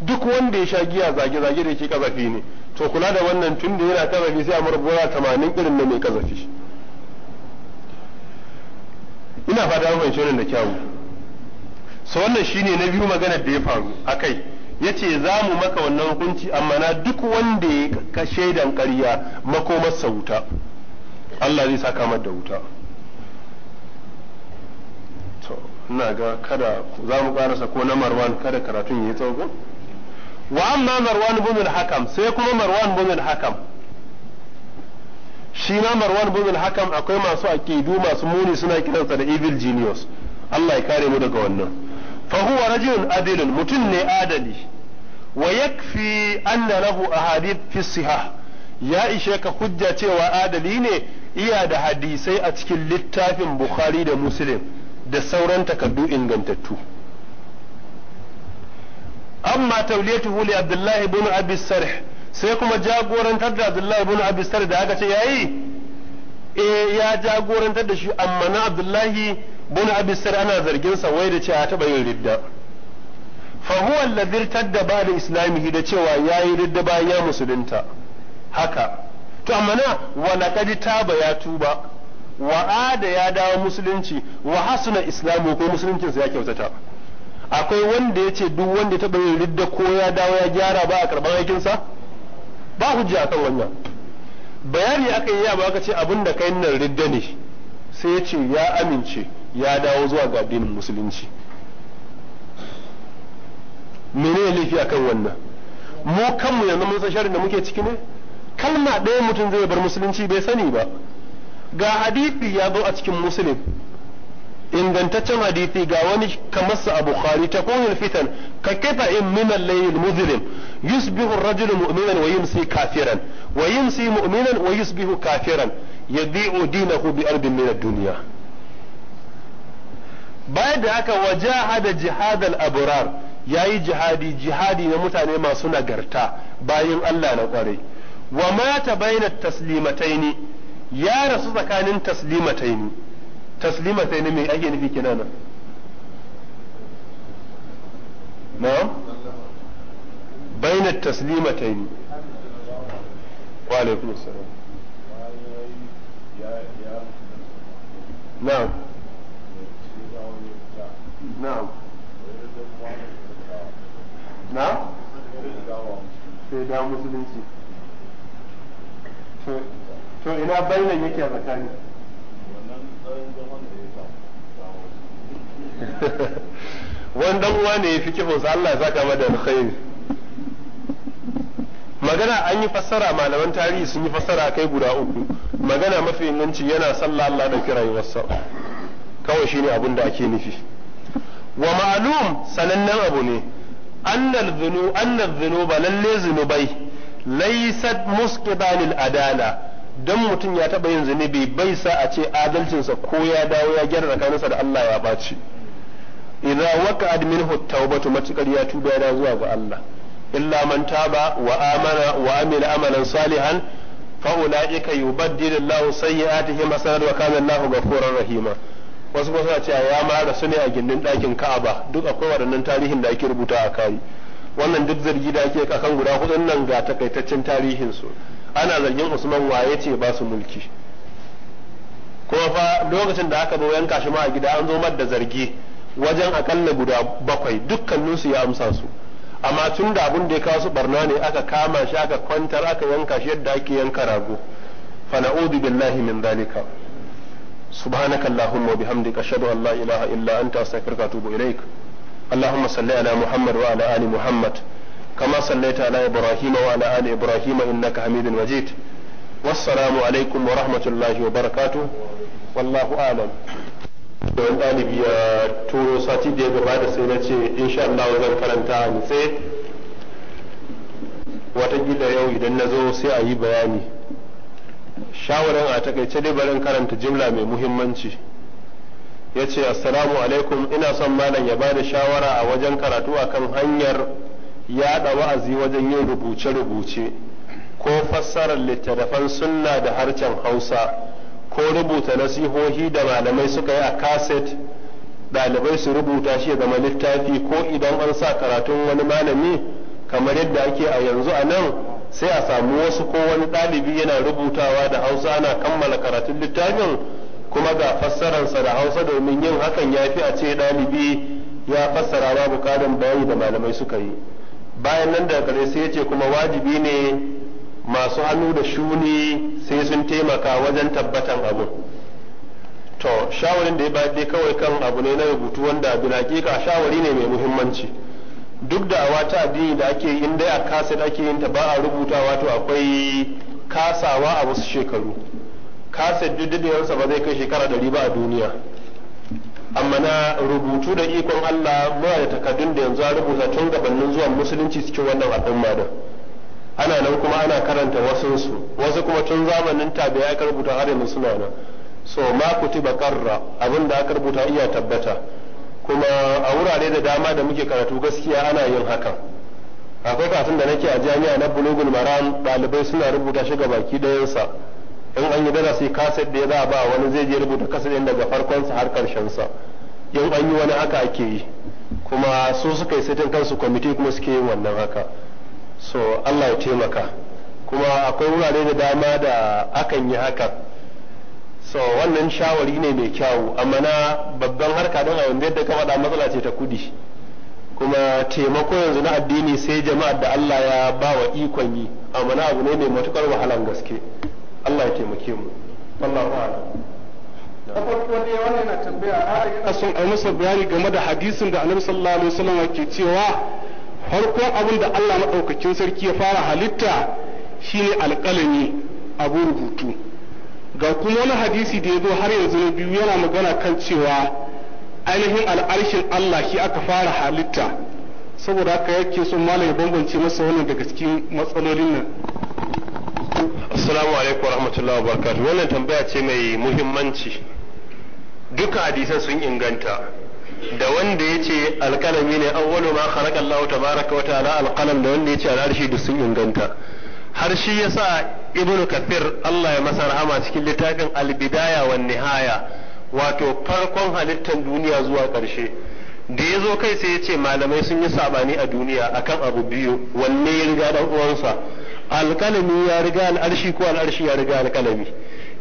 duk wanda ya sha giya zage zage da yake kazafi ne to kula da wannan tun da yana kazafi sai a murabura 80 irin na mai kazafi ina fata mun nan da kyawu so wannan shine na biyu maganar da ya faru akai yace za mu maka wannan hukunci amma na duk wanda ya ka shaidan ƙarya makomar sauta wuta Allah zai saka mata da wuta to ina ga kada za mu karasa ko na marwan kada karatun yayi tsawo wa amma marwan bin hakam sai kuma marwan bin hakam shi ma marwan bin hakam akwai masu aqidu masu muni suna kiransa da evil genius Allah ya kare mu daga wannan fa huwa rajulun adilun mutum ne adali wa yakfi anna lahu ahadith fi sihah ya ishe ka hujja cewa adali ne iya da hadisai a cikin littafin bukhari da muslim da sauran takardu ingantattu amma tauliyatuhu li abdullahi ibn abi sarh sai kuma jagorantar da abdullahi ibn abi sarh da aka ce yayi eh ya jagorantar da shi amma na abdullahi ibn abi sarh ana zargin sa wai da cewa taba yin ridda fa huwa alladhi irtadda bada da islamihi da cewa yayi ridda bayan ya musulunta haka to amma na wala kadi taba ya tuba wa ada ya dawo musulunci wa hasuna islamu ko musuluncin sa ya kyautata akwai wanda ya ce duk wanda ya taba yin ridda ko ya dawo ya gyara ba a karban aikin sa ba hujja akan wannan bayani aka yi ya ba ka ce abin da kai nan ridda ne sai ya ce ya amince ya dawo zuwa ga addinin musulunci mene laifi akan wannan mu kanmu yanzu mun san sharri da muke ciki ne kalma ɗaya mutum zai bar musulunci bai sani ba ga hadithi ya zo a cikin musulun, ingantaccen hadithi ga wani kamar sa a bukhari ta kunil fitan ka kifa in min al-layl yusbihu rajulun rajul mu'minan wa yumsi kafiran wa yumsi mu'minan wa yusbihu kafiran yadhi'u dinahu bi arbin min ad-dunya bayan da haka wajahada jihadal abrar yayi jihadi jihadi na mutane masu nagarta bayan Allah na kwarai wa mata baina taslimataini ya rasu tsakanin taslimataini taslimataini mai ake nufi kenan nan na'am baina taslimataini wa alaikum assalam na'am na'am na'am musulunci to ina bainan yake a tsakani wani dan uwa ne ya fi kifinsa Allah ya saka mada alkhairi magana an yi fassara malaman tarihi sun yi fassara kai guda uku magana mafi inganci yana sallah Allah da kira wasa kawai shine abin da ake nufi wa ma'lum sanannen abu ne annal dhunu annal dhunuba lalle zunubai laysat musqibalil adala dan mutum ya taba yin zunubi bai sa a ce adalcinsa ko ya dawo ya gyara tsakaninsa da Allah ya baci idza waqa'at minhu tawbatu matukar ya tuba ya zuwa ga Allah illa man taba wa amana wa amila amalan salihan fa ulaika yubaddilu Allahu sayyi'atihim hasanat wa kana Allahu ghafurur rahima wasu kuma suna cewa ya ma rasu ne a gindin ɗakin Ka'aba duk akwai waɗannan tarihin da ake rubuta a kai wannan duk zargi da ake kakan guda hudun nan ga takaitaccen tarihinsu ana zargin Usman waye ce ba su mulki kuma fa lokacin da aka zo yanka shi ma a gida an zo mar da zargi wajen akalla guda bakwai dukkanin su ya amsa su amma tun da abin da ya kawo su barna ne aka kama shi aka kwantar aka yanka shi yadda ake yanka rago fa na'udhu billahi min zalika subhanakallahumma wa bihamdika ashhadu an la ilaha illa anta astaghfiruka wa atubu ilaik اللهم صل على محمد وعلى ال محمد كما صليت على ابراهيم وعلى ال ابراهيم انك حميد مجيد والسلام عليكم ورحمه الله وبركاته والله اعلم don ɗalibi ya turo sati da ya gabata sai na ce insha Allah zan karanta a nitse watakila yau idan na zo sai a yi bayani shawarar a takaice dai barin karanta jimla mai muhimmanci ya ce assalamu alaikum ina son malam ya bada shawara a wajen karatu akan hanyar yaɗa wa'azi wajen yin rubuce-rubuce ko fassarar littattafan sunna da harshen hausa ko rubuta nasihohi da malamai suka yi a kaset ɗalibai su rubuta shi ya zama littafi ko idan an sa karatun wani malami kamar yadda ake a yanzu a nan sai a samu wasu ko wani ɗalibi yana rubutawa da hausa ana kammala karatun littafin kuma ga fassararsa da hausa domin yin hakan ya fi a ce ɗalibi ya fassara ba bukadan bayani da malamai suka yi bayan nan da kare sai ya ce kuma wajibi ne masu hannu da shuni sai sun taimaka wajen tabbatan abu to shawarin da ya bayar dai kawai kan abu ne na rubutu wanda bin hakika shawari ne mai muhimmanci duk da awata ta addini da ake yin dai a da ake yin ta ba a rubutawa to akwai kasawa a wasu shekaru kaset diddigiyarsa ba zai kai shekara ɗari ba a duniya amma na rubutu da ikon Allah muna da takardun da yanzu a rubuta tun gabanin zuwan musulunci cikin wannan al'umma da ana nan kuma ana karanta su wasu kuma tun zamanin ya aka rubuta har yanzu suna nan so ma kutiba bakarra abin da aka rubuta iya tabbata kuma a wurare da dama da muke karatu gaskiya ana yin haka akwai katun da nake a jami'a na bulugul maram ɗalibai suna rubuta shiga ga baki ɗayansa in an yi darasi kaset da ya za a ba wani zai je rubuta kaset ɗin daga farkonsa har sa in an yi wani haka ake yi kuma su suka yi sitin kansu kwamiti kuma suke yin wannan haka so allah ya taimaka kuma akwai wurare da dama da akan yi haka so wannan shawari ne mai kyawu amma na babban harka don a yanzu yadda ka faɗa matsala ce ta kudi kuma taimako yanzu na addini sai jama'ar da allah ya ba wa ikon yi amma na abu ne mai matukar wahalan gaske Allah ya taimake mu a yi son a masa bayani game da hadisin da annabi sallallahu alaihi wasallam ke cewa farkon abin da Allah madaukakin sarki ya fara halitta shine alƙalami abu rubutu ga kuma wani hadisi da ya zo har yanzu na biyu yana magana kan cewa ainihin al'arshin Allah shi aka fara halitta saboda haka yake son malam ya bambance masa wannan daga cikin matsalolin nan Assalamu alaikum warahmatullahi wabarakatuh wannan tambaya ce mai muhimmanci duka hadisan sun inganta da wanda ya ce alkalami ne wani ma khalaqa Allah tabaraka wa ta'ala alqalam da wanda ya ce al'arshi duk sun inganta har shi yasa ibn kafir Allah ya masa rahama cikin littafin albidaya wa nihaya wato farkon halittar duniya zuwa karshe da ya zo kai sai ya ce malamai sun yi sabani a duniya akan abu biyu wanne ya riga dan uwansa alƙalami ya riga al'arshi ko al'arshi ya riga alƙalami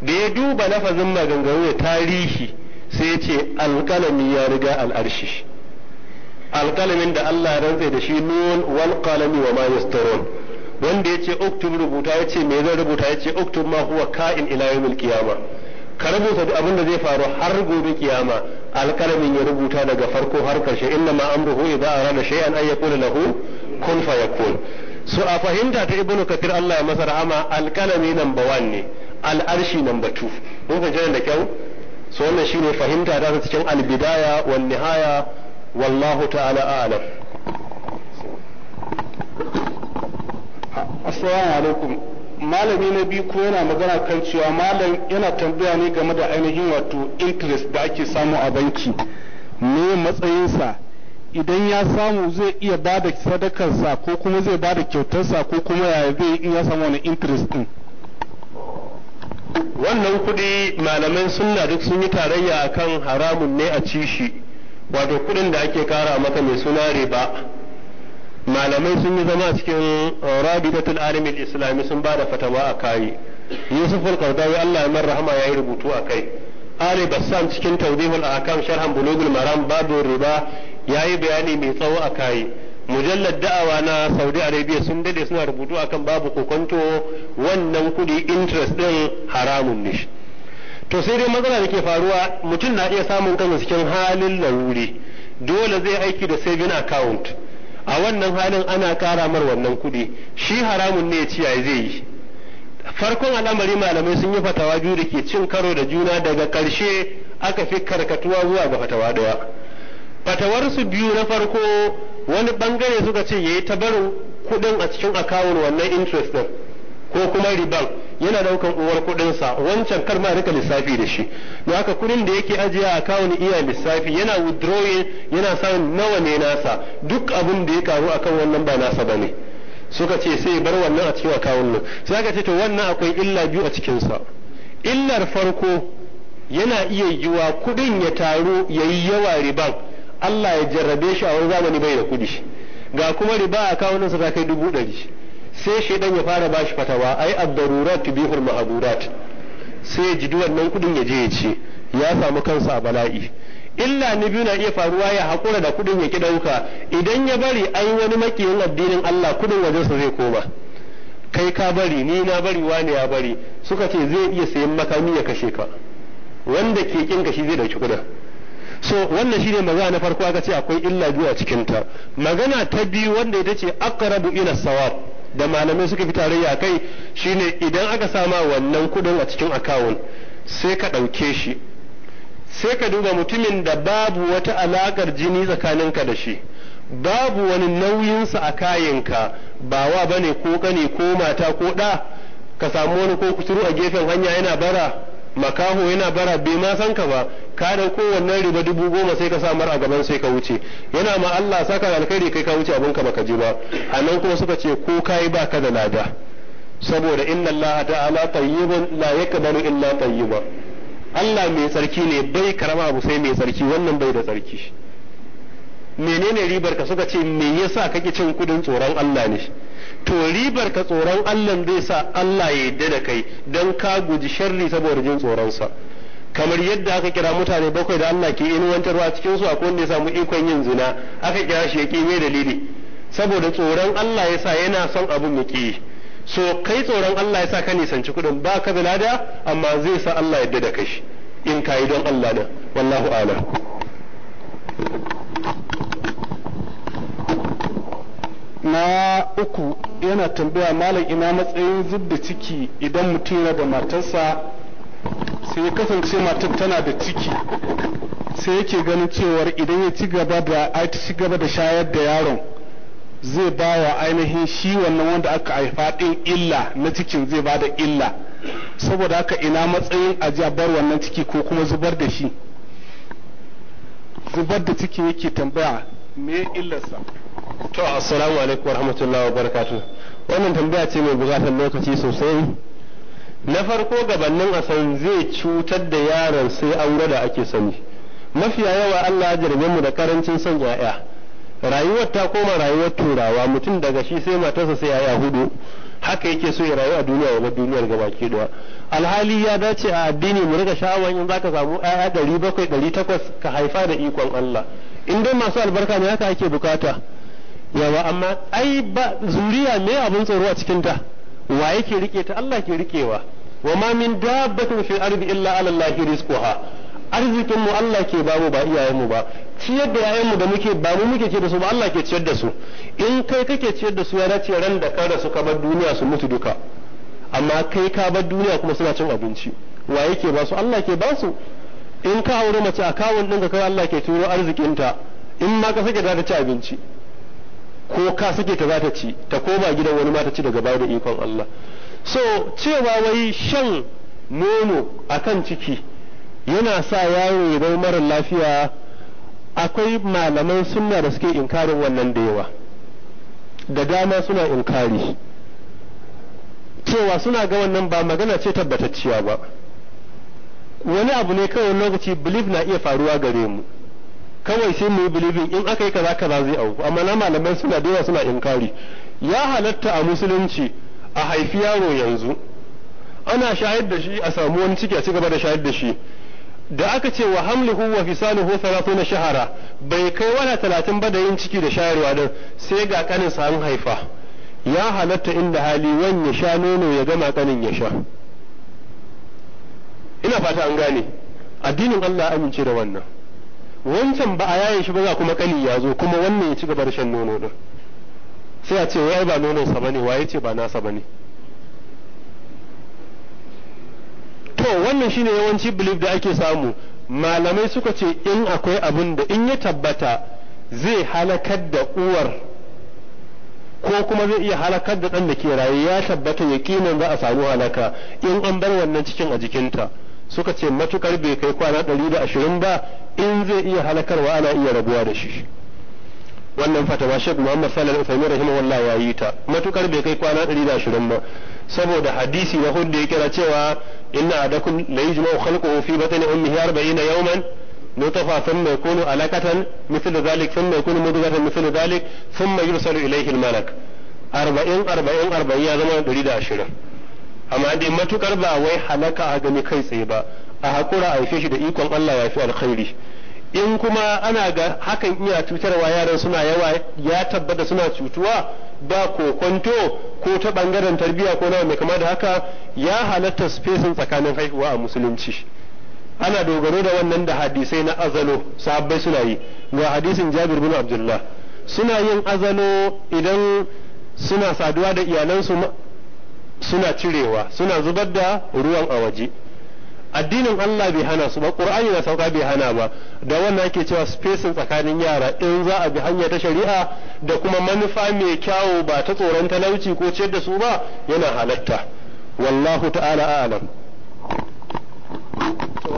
da ya duba lafazin maganganu da tarihi sai ya ce alƙalami ya riga al'arshi alƙalamin da Allah rantsa da shi nun wal qalami wa ma yastarun wanda ya ce uktub rubuta ya ce me zan rubuta ya ce uktub ma huwa ka'in ila yawmil qiyama ka rubuta duk abin da zai faru har gobe kiyama alƙalamin ya rubuta daga farko har karshe inna ma amruhu idza arada shay'an ay lahu kun fayakun so a fahimta ta ibnu kathir Allah ya masa rahama alkalami number one ne al'arshi number two mun fahimci da kyau so wannan shine fahimta ta cikin albidaya wal nihaya wallahu ta'ala a'lam assalamu alaikum malami na biyu ko yana magana kan cewa malam yana tambaya ne game da ainihin wato interest da ake samu a banki me matsayinsa idan ya samu zai iya ba da sadakarsa ko kuma zai ba da kyautarsa ko kuma yaya zai iya samu wani interest din wannan kuɗi malaman sunna duk sun yi tarayya akan haramun ne a ci shi wato kuɗin da ake kara maka mai suna riba malamai sun yi zama cikin uh, rabidatul alimil islami sun ba da fatawa a kai. yusuf al Allah ya rahama ya yi rubutu a kai Ali Bassam cikin tawdihul akan sharhan bulugul maram babu riba yayi bayani mai tsawo a kai mujallad da'awa na Saudi Arabia sun dade suna rubutu akan babu kokonto wannan kudi interest din haramun ne to sai dai matsala da ke faruwa mutum na iya samun kansa cikin halin laruri dole zai aiki da saving account a wannan halin ana kara mar wannan kudi shi haramun ne ciyayi zai yi farkon al'amari malamai sun yi fatawa biyu da ke cin karo da juna daga ƙarshe aka fi karkatuwa zuwa ga fatawa ɗaya fatawarsu biyu na farko wani bangare suka ce yayi ta barin kuɗin a cikin akawun wannan interest ɗin ko kuma riban yana daukan uwar sa wancan kar ma rika lissafi da shi don haka kuɗin da yake ajiye a akawun iya lissafi yana withdrawing yana samun nawa ne nasa duk abin da ya karu akan wannan ba nasa bane ne suka ce sai bar wannan a cikin akawun nan sai aka ce to wannan akwai illa biyu a cikinsa illar farko yana iya yiwa kudin ya taru yayi yawa riban Allah ya jarrabe shi a wani zamani bai da kudi ga kuma riba a kawunansa ta kai dubu ɗari sai shaidan ya fara bashi fatawa ai ad-darurat bihul mahadurat sai ya ji wannan kudin ya je ya ce ya samu kansa a bala'i illa na biyu na iya faruwa ya haƙura da kuɗin ya ki ɗauka idan ya bari ai wani makiyin addinin Allah kuɗin wajensa zai koma kai ka bari ni na bari wani ya bari suka ce zai iya sayan makami ya kashe ka wanda ke kin shi zai dauki kuɗin so wannan shine magana na farko aka ce akwai illa biyu a cikin ta magana ta biyu wanda ita ce aqrabu ila sawab da malamai suka fi tarayya kai shine idan aka sama wannan kuɗin a cikin akawun sai ka ɗauke shi sai ka duba mutumin da babu wata alaƙar jini tsakaninka da shi babu wani nauyinsa a kayanka ba wa bane ko kane ko mata ko ɗa ka samu wani ko kusuru a gefen hanya yana bara makaho yana bara bai ma san ka ba ka da kowannen riba dubu goma sai ka sa mara a gaban sai ka wuce yana ma Allah saka alkhairi kai ka wuce abin ka baka je ba anan kuma suka ce ko kai ba ka da lada saboda inna Allah ta'ala tayyibun la yakbalu illa tayyiba Allah mai tsarki ne bai karama abu sai mai tsarki wannan bai da sarki menene ribar ka suka ce me yasa kake cin kudin tsoron Allah ne to ribar ka tsoron Allah zai sa Allah ya yarda da kai dan ka guji sharri saboda jin tsoron sa kamar yadda aka kira mutane bakwai da Allah ke wa cikin su akwai wanda ya samu ikon yin zina aka kira shi ya ƙi mai dalili saboda tsoron Allah yasa yana son abu muke so kai tsoron Allah ya sa ka nisanci kuɗin ba ka da amma zai sa Allah ya da kai in ka yi don Allah da wallahu ala na uku yana tambaya malam ina matsayin zub da ciki idan mutum yana da matarsa sai ya kasance matar tana da ciki sai yake ganin cewar idan ya ci gaba da shayar da yaron zai ba wa ainihin shi wannan wanda aka haifa ɗin illa na cikin zai ba da illa saboda haka ina matsayin ajiya bar wannan ciki ko kuma zubar da shi zubar da ciki yake tambaya me illarsa to assalamu alaikum warahmatullahi wabarakatuh wannan tambaya ce mai bukatar lokaci sosai na farko gabanin a san zai cutar da yaron sai aure da ake sani mafiya yawa Allah ya jarabe mu da karancin son 'ya'ya rayuwar ta koma rayuwar turawa mutum daga shi sai matarsa sai yaya hudu haka yake so ya rayu a duniya ya duniyar duniyar gabaki da alhali ya dace a addini mu rika sha'awar in zaka samu aya ɗari bakwai ɗari takwas ka haifa da ikon Allah in dai masu albarka ne haka ake bukata yawa amma ai ba zuriya me abun tsoro a cikin ta wa yake rike ta Allah ke rikewa wa ma min dabbatin fil ardi illa ala Allah rizquha arzikin mu Allah ke bamu ba iyayen mu ba ciyar da yayan mu da muke ba mu muke ciyar da su ba Allah ke ciyar da su in kai kake ciyar da su ya dace ran da ka su ka bar duniya su mutu duka amma kai ka bar duniya kuma suna cin abinci wa yake ba su Allah ke ba su in ka aure mace a kawun ka kai Allah ke turo arzikinta in ma ka sake za ta ci abinci ko ka sake ta za ta ci ta ko ba gidan wani ma ta ci daga baya da ikon Allah so cewa wai shan nono akan ciki yana sa yaro ya zama mara lafiya akwai malaman sunna da suke inkarin wannan da yawa da dama suna inkari cewa suna ga wannan ba magana ce tabbatacciya ba wani abu ne kawai lokaci bilif na iya faruwa gare mu kawai sai mu yi believing in aka yi kaza kaza zai auku amma na malaman suna da yawa suna inkari ya halatta a musulunci a haifi yaro yanzu ana shayar da shi a samu wani ciki a cigaba da shayar da shi da aka ce wa hamluhu wa fisaluhu 30 shahara bai kai wata talatin ba da yin ciki da shayarwa din sai ga kanin sa an haifa ya halatta inda hali wani ya sha nono ya gama kanin ya sha ina fata an gane addinin Allah amince da wannan wancan ba a yayin shi ba za kuma kani ya zo kuma wannan ya ci gaba da shan nono din sai a ce wai ba nono sa bane waye ce ba nasa bane to wannan shine yawanci belief da ake samu malamai suka ce in akwai abin da in ya tabbata zai halakar da uwar ko kuma zai iya halakar da ɗan da ke raye ya tabbata yakinan za a samu halaka in an bar wannan cikin a jikinta suka ce matukar bai kai kwana ɗari da ashirin ba in zai iya halakarwa ana iya rabuwa da shi wannan fatawa Sheikh Muhammad Salih Al-Uthaymeen rahimahullah ya yi ta matukar bai kai kwana 120 ba saboda hadisi na hudu ya kira cewa inna adakum la yajma'u khalquhu fi batni ummihi 40 yawman نطفة ثم يكون علقة مثل ذلك ثم يكون مضغة مثل ذلك ثم يرسل إليه الملك أربعين أربعين أربعين يا زمان دريد عشرة أما دي ما تكربا a da ikon Allah ya fi alkhairi in kuma ana ga hakan iya cutarwa yaran suna yawa ya tabbata suna cutuwa ba kwanto ko ta bangaren tarbiya ko na mai kama da haka ya halatta spacing tsakanin haihuwa a musulunci ana dogaro da wannan da hadisai na azalo sahabbai suna yi ga hadisin jabir bin abdullah suna yin azalo idan suna saduwa da iyalansu suna cirewa suna zubar da ruwan a waje addinin Allah bai hana su ba Qur'ani na sauka bai hana ba da wannan ake cewa spacing tsakanin yara in za a bi hanya ta shari'a da kuma manufa mai kyawu ba ta tsoron talauci ko ciyar da su ba yana halatta wallahu ta'ala a'lam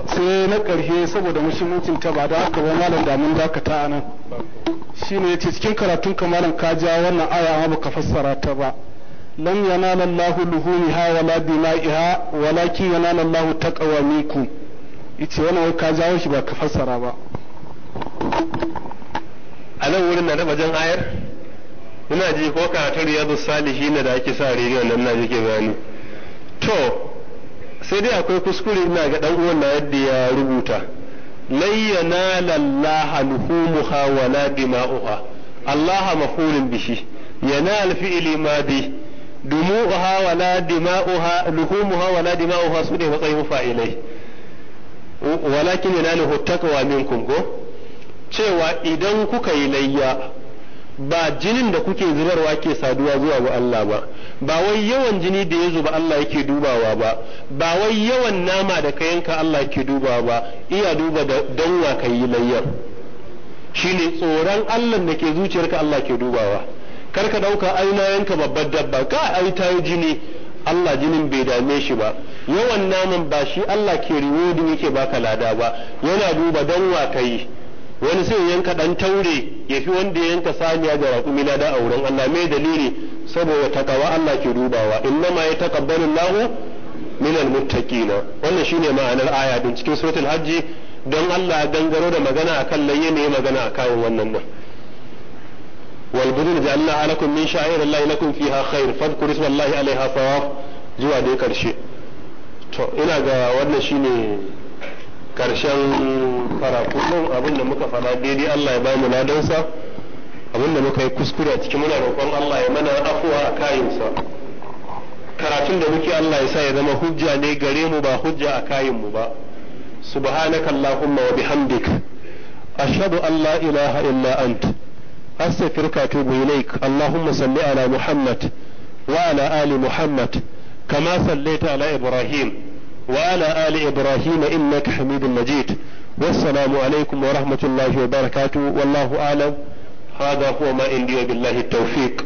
sai na karshe saboda muhimmancin ta ba da aka ba malam da mun dakata anan shine yace cikin karatun kamalan ka ja wannan aya ba ka fassara ta ba لن ينال الله لحومها ولا دمائها ولكن ينال الله تقوى منكم ita wani wai ka jawo shi ba ka fassara ba a nan wurin na da wajen ayar ina ji ko ka ta riyadu na da ake sa rediyo nan na ji ke to sai dai akwai kuskure ina ga dan uwan na yadda ya rubuta layyana lallaha luhumuha wala dima'uha allaha mafulun bishi yana alfi'ili madi dumu'uha wala dima'uha luhumuha wala su ne matsayin fa'ilai walakin yanaluhu taqwa minkum cewa idan kuka yi layya ba jinin da kuke zubarwa ke saduwa zuwa ga Allah ba ba wai yawan jini da ya zuba Allah yake dubawa ba ba wai yawan nama da ka yanka Allah yake dubawa ba iya duba da danwa ka yi layyar shine tsoron Allah da ke zuciyarka Allah ke dubawa kar ka dauka ai na yanka babbar dabba ka ai ta yi jini Allah jinin bai dame shi ba yawan naman ba shi Allah ke da yake baka lada ba yana duba dan wa kai wani sai yanka dan taure ya fi wanda ya yanka saniya da raƙumi na da auren Allah mai dalili saboda takawa Allah ke dubawa ma ya taqabbalu Allahu al-muttaqin wannan shine ma'anar aya din cikin suratul hajji don Allah ya gangaro da magana akan laye ne magana akan wannan nan والبدن جعلنا لكم من شعائر الله لكم فيها خير فاذكروا اسم الله عليها صواف zuwa dai karshe to ina ga wannan shine karshen farakun din abinda muka fara daidai Allah ya bamu ladansa abin abinda muka yi kuskure a cikin muna roƙon Allah ya mana afuwa a kayinsa karatun da muke Allah ya sa ya zama hujja ne gare mu ba hujja a kayin mu ba subhanakallahumma wa bihamdika ashhadu an la ilaha illa anta أستغفرك أتوب إليك اللهم صل على محمد وعلى آل محمد كما صليت على إبراهيم وعلى آل إبراهيم إنك حميد مجيد والسلام عليكم ورحمة الله وبركاته والله أعلم هذا هو ما عندي وبالله التوفيق